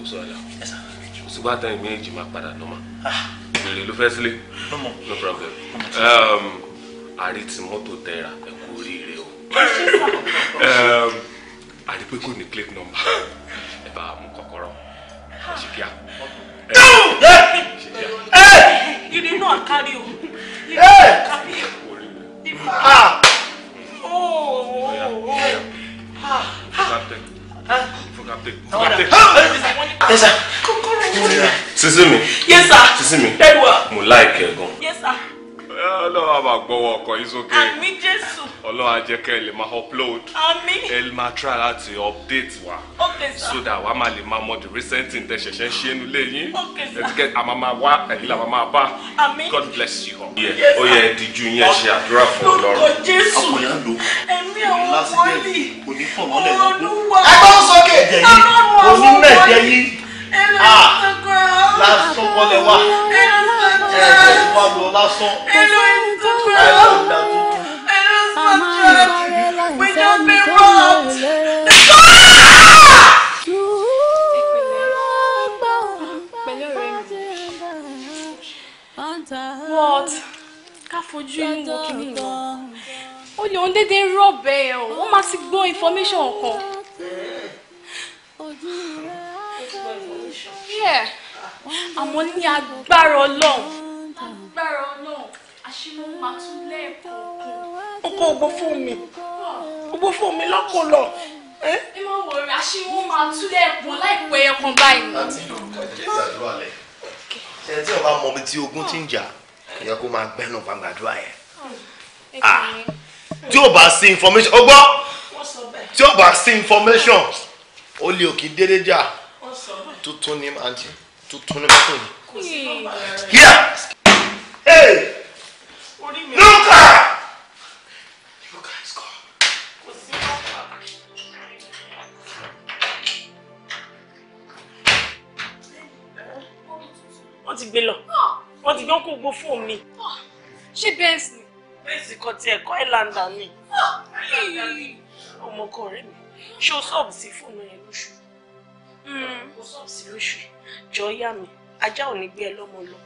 B: sọ àlà kò sí bá táyì méjì máa padà nọ́mà ah. ìbéèrè ló fẹ́ sílé no problem àrí um, tí mọ́tò tẹ̀ra ẹ̀ kú oríire o àrí um, pé kò ní plate number ẹ bá mú kọ́kọ́rọ́ ẹ Hey!
A: Hey! You you. did not ìrì náà kárí o ìrì náà
B: kárí
D: o.
B: sísí mi sísí mi mo láìkẹ́ e gan. Eh, ọlọ́run àbá gbọ́wọ́ ọkọ̀ yín sókè àmín jésù ọlọ́run àjẹkẹ́ lè máa upload àmín ẹ máa try láti update wa so that wa máa lè máa mọ the recent thing tẹ ṣẹ̀ṣẹ̀ ṣe é nulẹ̀ yín ẹtikẹ́ àmà máa wá ẹ̀yìn làwọn máa bá god bless you all. ó yẹ ìdíjú yín ẹ ṣe àdúrà fún ọlọ́run àwọn yẹn lò ẹ̀mí àwọn wọlé
F: olúwa ọlọ́run sókè onímẹ̀jẹ̀ yìí lásán kọ́lẹ̀ wá ẹ̀ẹ́dẹ̀ wá lọ lásán àìlọ́dà
C: tó. We don't be robbed. What? Ká fojú inú wo kí ni lọ. Ó lè òun dédé rọ̀bẹ̀ ẹ̀ o, wọ́n máa ti gbọ́ information kan díẹ̀ àmọ́ ní agbára ọlọ́run agbára ọlọ́run àṣìmọ́ máa tún lẹ́ẹ̀kọ̀ọ̀kan.
A: ó kó ogbó fún mi ogbó fún mi lọ́kọ̀ọ̀lọ́. ẹ
C: máa wọ̀ rẹ̀ àṣìmọ́ máa tún lẹ́ẹ̀kọ̀ọ́
A: láìpẹ́ ẹ̀kan báyìí. àti ìdòwúkọ̀
C: jẹ́
F: ìdàdúrà lẹ̀ ṣe tí ọba mọ̀ mi tí ogun ti ń jà ìyẹn kó máa gbẹ́nu gbàgbàdúrà yẹn ah, tí o bá sí information ó gbọ́ tí o bá sí information ó lè òkè dédé jà To turn him anti, to turn him anti.
A: sí Hey. rẹ. yíyá ee lóka. wọ́n ti gbé lọ wọ́n ti gbé kó gbó fóònù mi. ṣé bẹ́ẹ̀sì ni. bẹ́ẹ̀sì kan tiẹ̀ kọ́ ẹ̀làǹdà ni ọmọkùnrin mi ṣó sọ́ọ̀bù sí fóònù yẹn lóṣù
C: mo sọ́ọ̀sì lóṣù
A: jọ yá mi ajá ò ní gbé ẹ lọ́mọ lọ.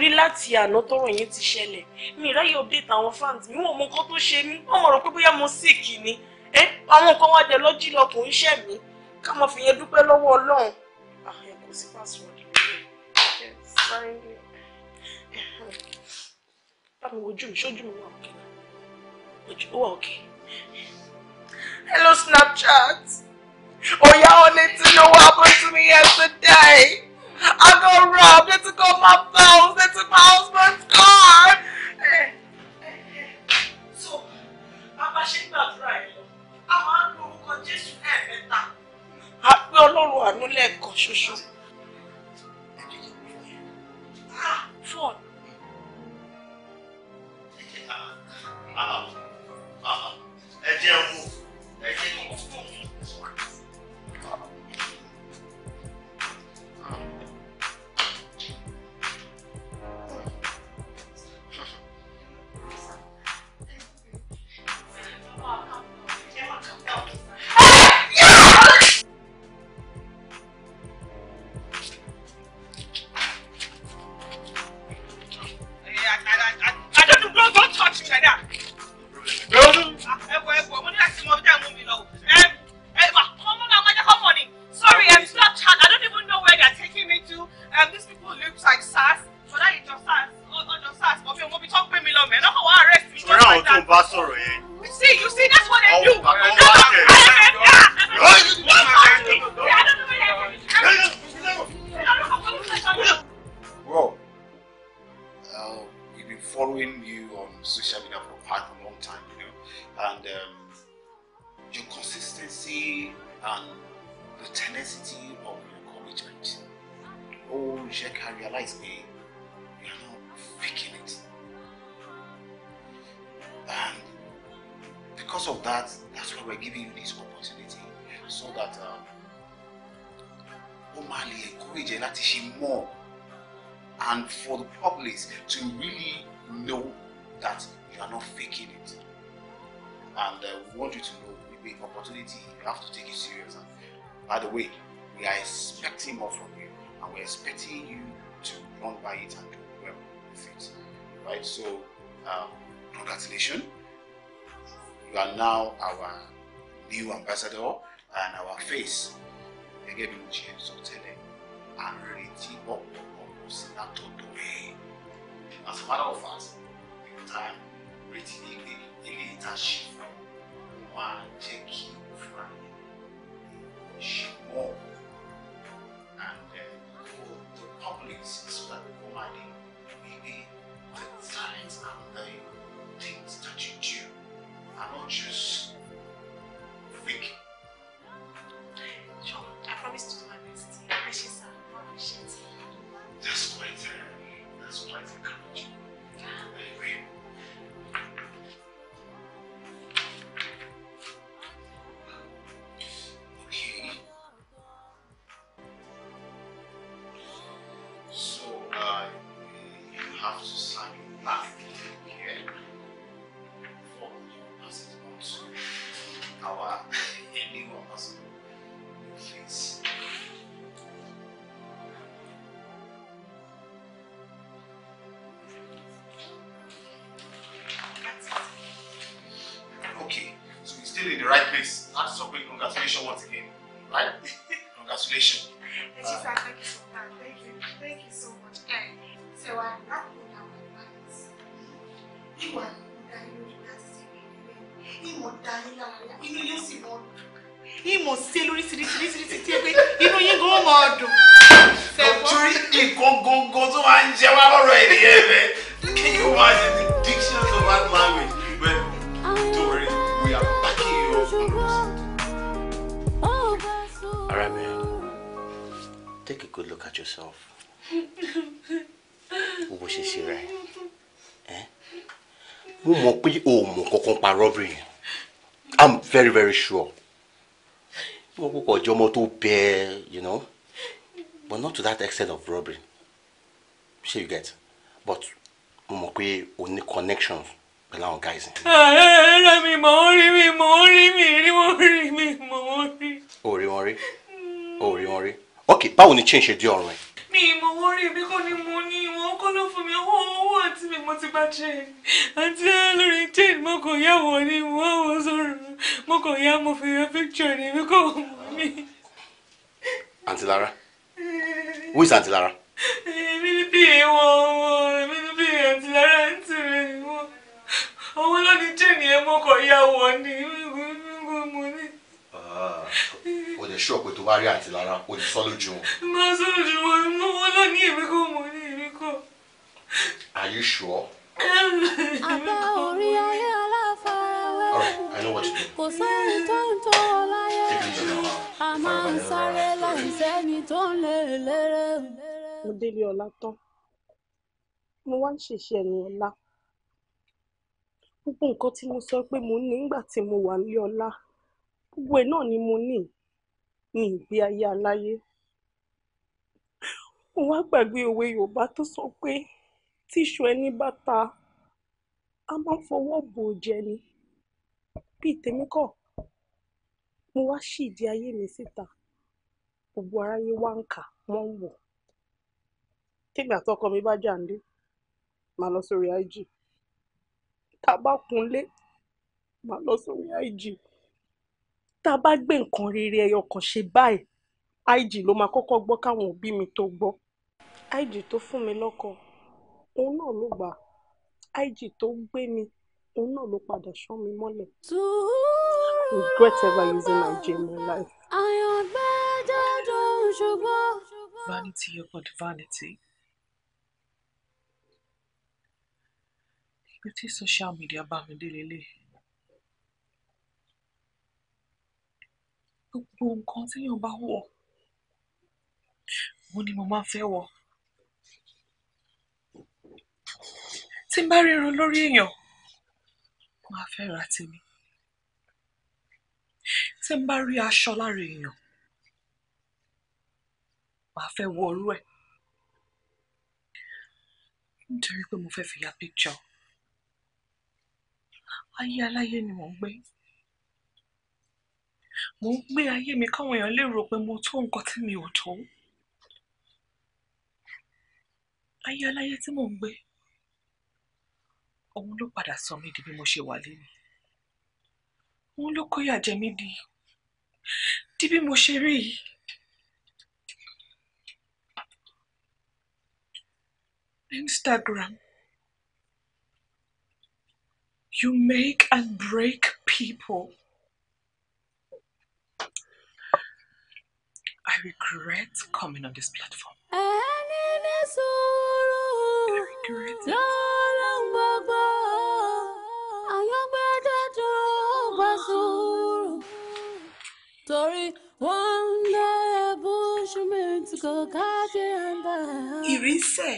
A: kí láti àná tọrọ yẹn ti ṣẹlẹ̀ mi ìráyè update àwọn fans mi wọn mọ nǹkan tó ṣe mí wọn mọ̀ rọ pé bóyá mo sick ni ẹ àwọn nǹkan wá jẹ lọ́jí lọ kò ń ṣẹ̀ mí ká mọ̀ fìyẹn dúpẹ́ lọ́wọ́ Ọlọ́run ah, ẹ kò sí password lórí ẹ bá mi wojú mi sójú mi wà òkè ojú ó wà òkè. hello Snapchat Oh y'all need to know what happened to me yesterday I got robbed they took all my phones they took my husband's car. Eh, eh, eh. so bàbá ṣe ń gbàdúrà I'm lọ a máa ń lo orúkọ Jésù lẹ́ẹ̀mẹ́ta. a pé Ọlọ́run àánú lẹ́ẹ̀kan ṣoṣo. Ah, phone. Ah, ah ẹ jẹ́ wò ẹ jẹ́ racial once again.
B: very sure wọn kò kọ ọjọ́ ọmọ you know but not to that
F: extent of robbery See you get but mo mọ̀ pé o ní
B: connection pẹ̀lú àwọn guys.
D: oh, mi mò ń rí mi mò ń rí mi rí wọ́n rí mi mò ń rí.
B: o rí wọn rí o rí wọn rí ok báwo ni change ṣe dé ọ̀run
E: ẹ̀.
D: mi ìmọ̀ wọ́n rí mi kọ́ ni mo ní oh, kọ́ ló fún mi owó owó àti mi mo ti bá change àti lórí change mo kò yá wọ ni wọ́n wọ́n mo kàn yá mo fi picture ni mi kò mú mi.
B: àǹtí Lara
F: who is Auntie Lara.
D: èmi ní bí èèwọ̀ wọn èmi ní bí àǹtí Lara ń tì mí wọn àwọn lọ́ni jẹ́ nìyẹn mo kàn yá wọ̀
B: ah, are you sure.
C: I know what to do. Kò sẹ́ni tó ń tọ́ ọ láyé. A máa ń sáré láì sẹ́ni tó ń lè lérè.
A: Mo délé ọlá tán. Mo wá ń ṣèṣe ẹ̀yìn ọlá. Gbogbo nǹkan tí mo sọ pé mo ní nígbà tí mo wà ní ọlá. Gbogbo ẹ̀ náà ni mo ní ní ìgbé ayé aláyé. Mo wá gbàgbé òwe Yorùbá tó sọ pé tíṣu ẹni bá ta, a máa fọwọ́ bò jẹ ni bíi tèmi kọ́
D: mo wá ṣíde ayé mi síta gbogbo aráyé wá ń kà wọ́n ń wò
A: kígbà tọkọ mi bá jáde màá lọ sórí ig tá a bá kunlé màá lọ sórí ig tá a bá gbé nǹkan rere ẹyọ kan ṣe báyìí ig ló máa kọ́kọ́ gbọ́ káwọn òbí mi tó gbọ́ ig tó fún mi lọ́kọ òun náà ló gbà ig
D: tó gbé mi òun náà ló padà ṣán mi mọ́lẹ̀. regret ever
C: using my gym in life.
D: vanity upon vanity. ibi tí social media bá mi dé lélẹ̀. gbogbo nǹkan téèyàn bá wọ̀ wọ́n ni mo máa fẹ́ wọ̀. tí n bá ríran lórí èèyàn máa fẹ́ ra tèmi tí n bá rí aṣọ lára èèyàn màá fẹ́ wọrú ẹ̀ nítorí pé mo fẹ́ fi ya píkṣọ ayé aláyé ni mò ń gbé mò ń gbé ayé mi káwọn èèyàn lè rò pé mo tó nǹkan tí mi ò tó ayé aláyé tí mò ń gbé. òun ló padà sọ mí di bí mo ṣe wà òun ló jẹ mí di di bí mo ṣe rí Instagram you make and break people. I regret coming on this platform.
C: I regret it. torí wọ́n ń lé búṣú mi tí kò kájí àǹdà. ìrísẹ̀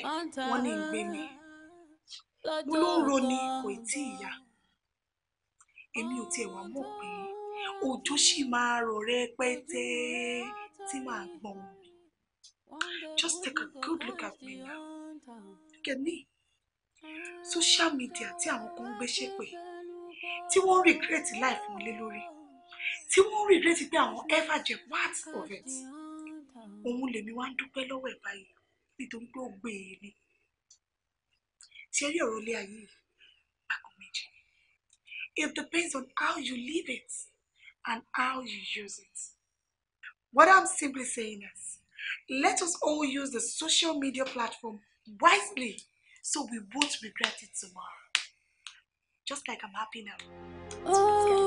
C: wọ́n ní gbé mi mo ló ń roni kò tí
A: ì yá èmi ò tiẹ̀ wá mọ̀ pé òjò ṣì máa rọ̀ rẹpẹtẹ tí màá gbọ́n mi just take a good look at me now look at social media tí àwọn kan ń gbéṣẹ́ pé tí wọ́n regret life wọn lé lórí tí wọ́n regret pé àwọn ever jẹ part of it òun lèmi wá ń dúpẹ́ lọ́wọ́ ẹ̀ báyìí
D: nítorí pé ó gbé e ni ṣe rí ọ̀rọ̀ ilé ayé àkọ́ méjì it depends on how you live it and how
A: you use it what I'm simply saying is let us all use the social media platform wisely so we won't regret it tomorrow just like I'm happy now.
C: Oh.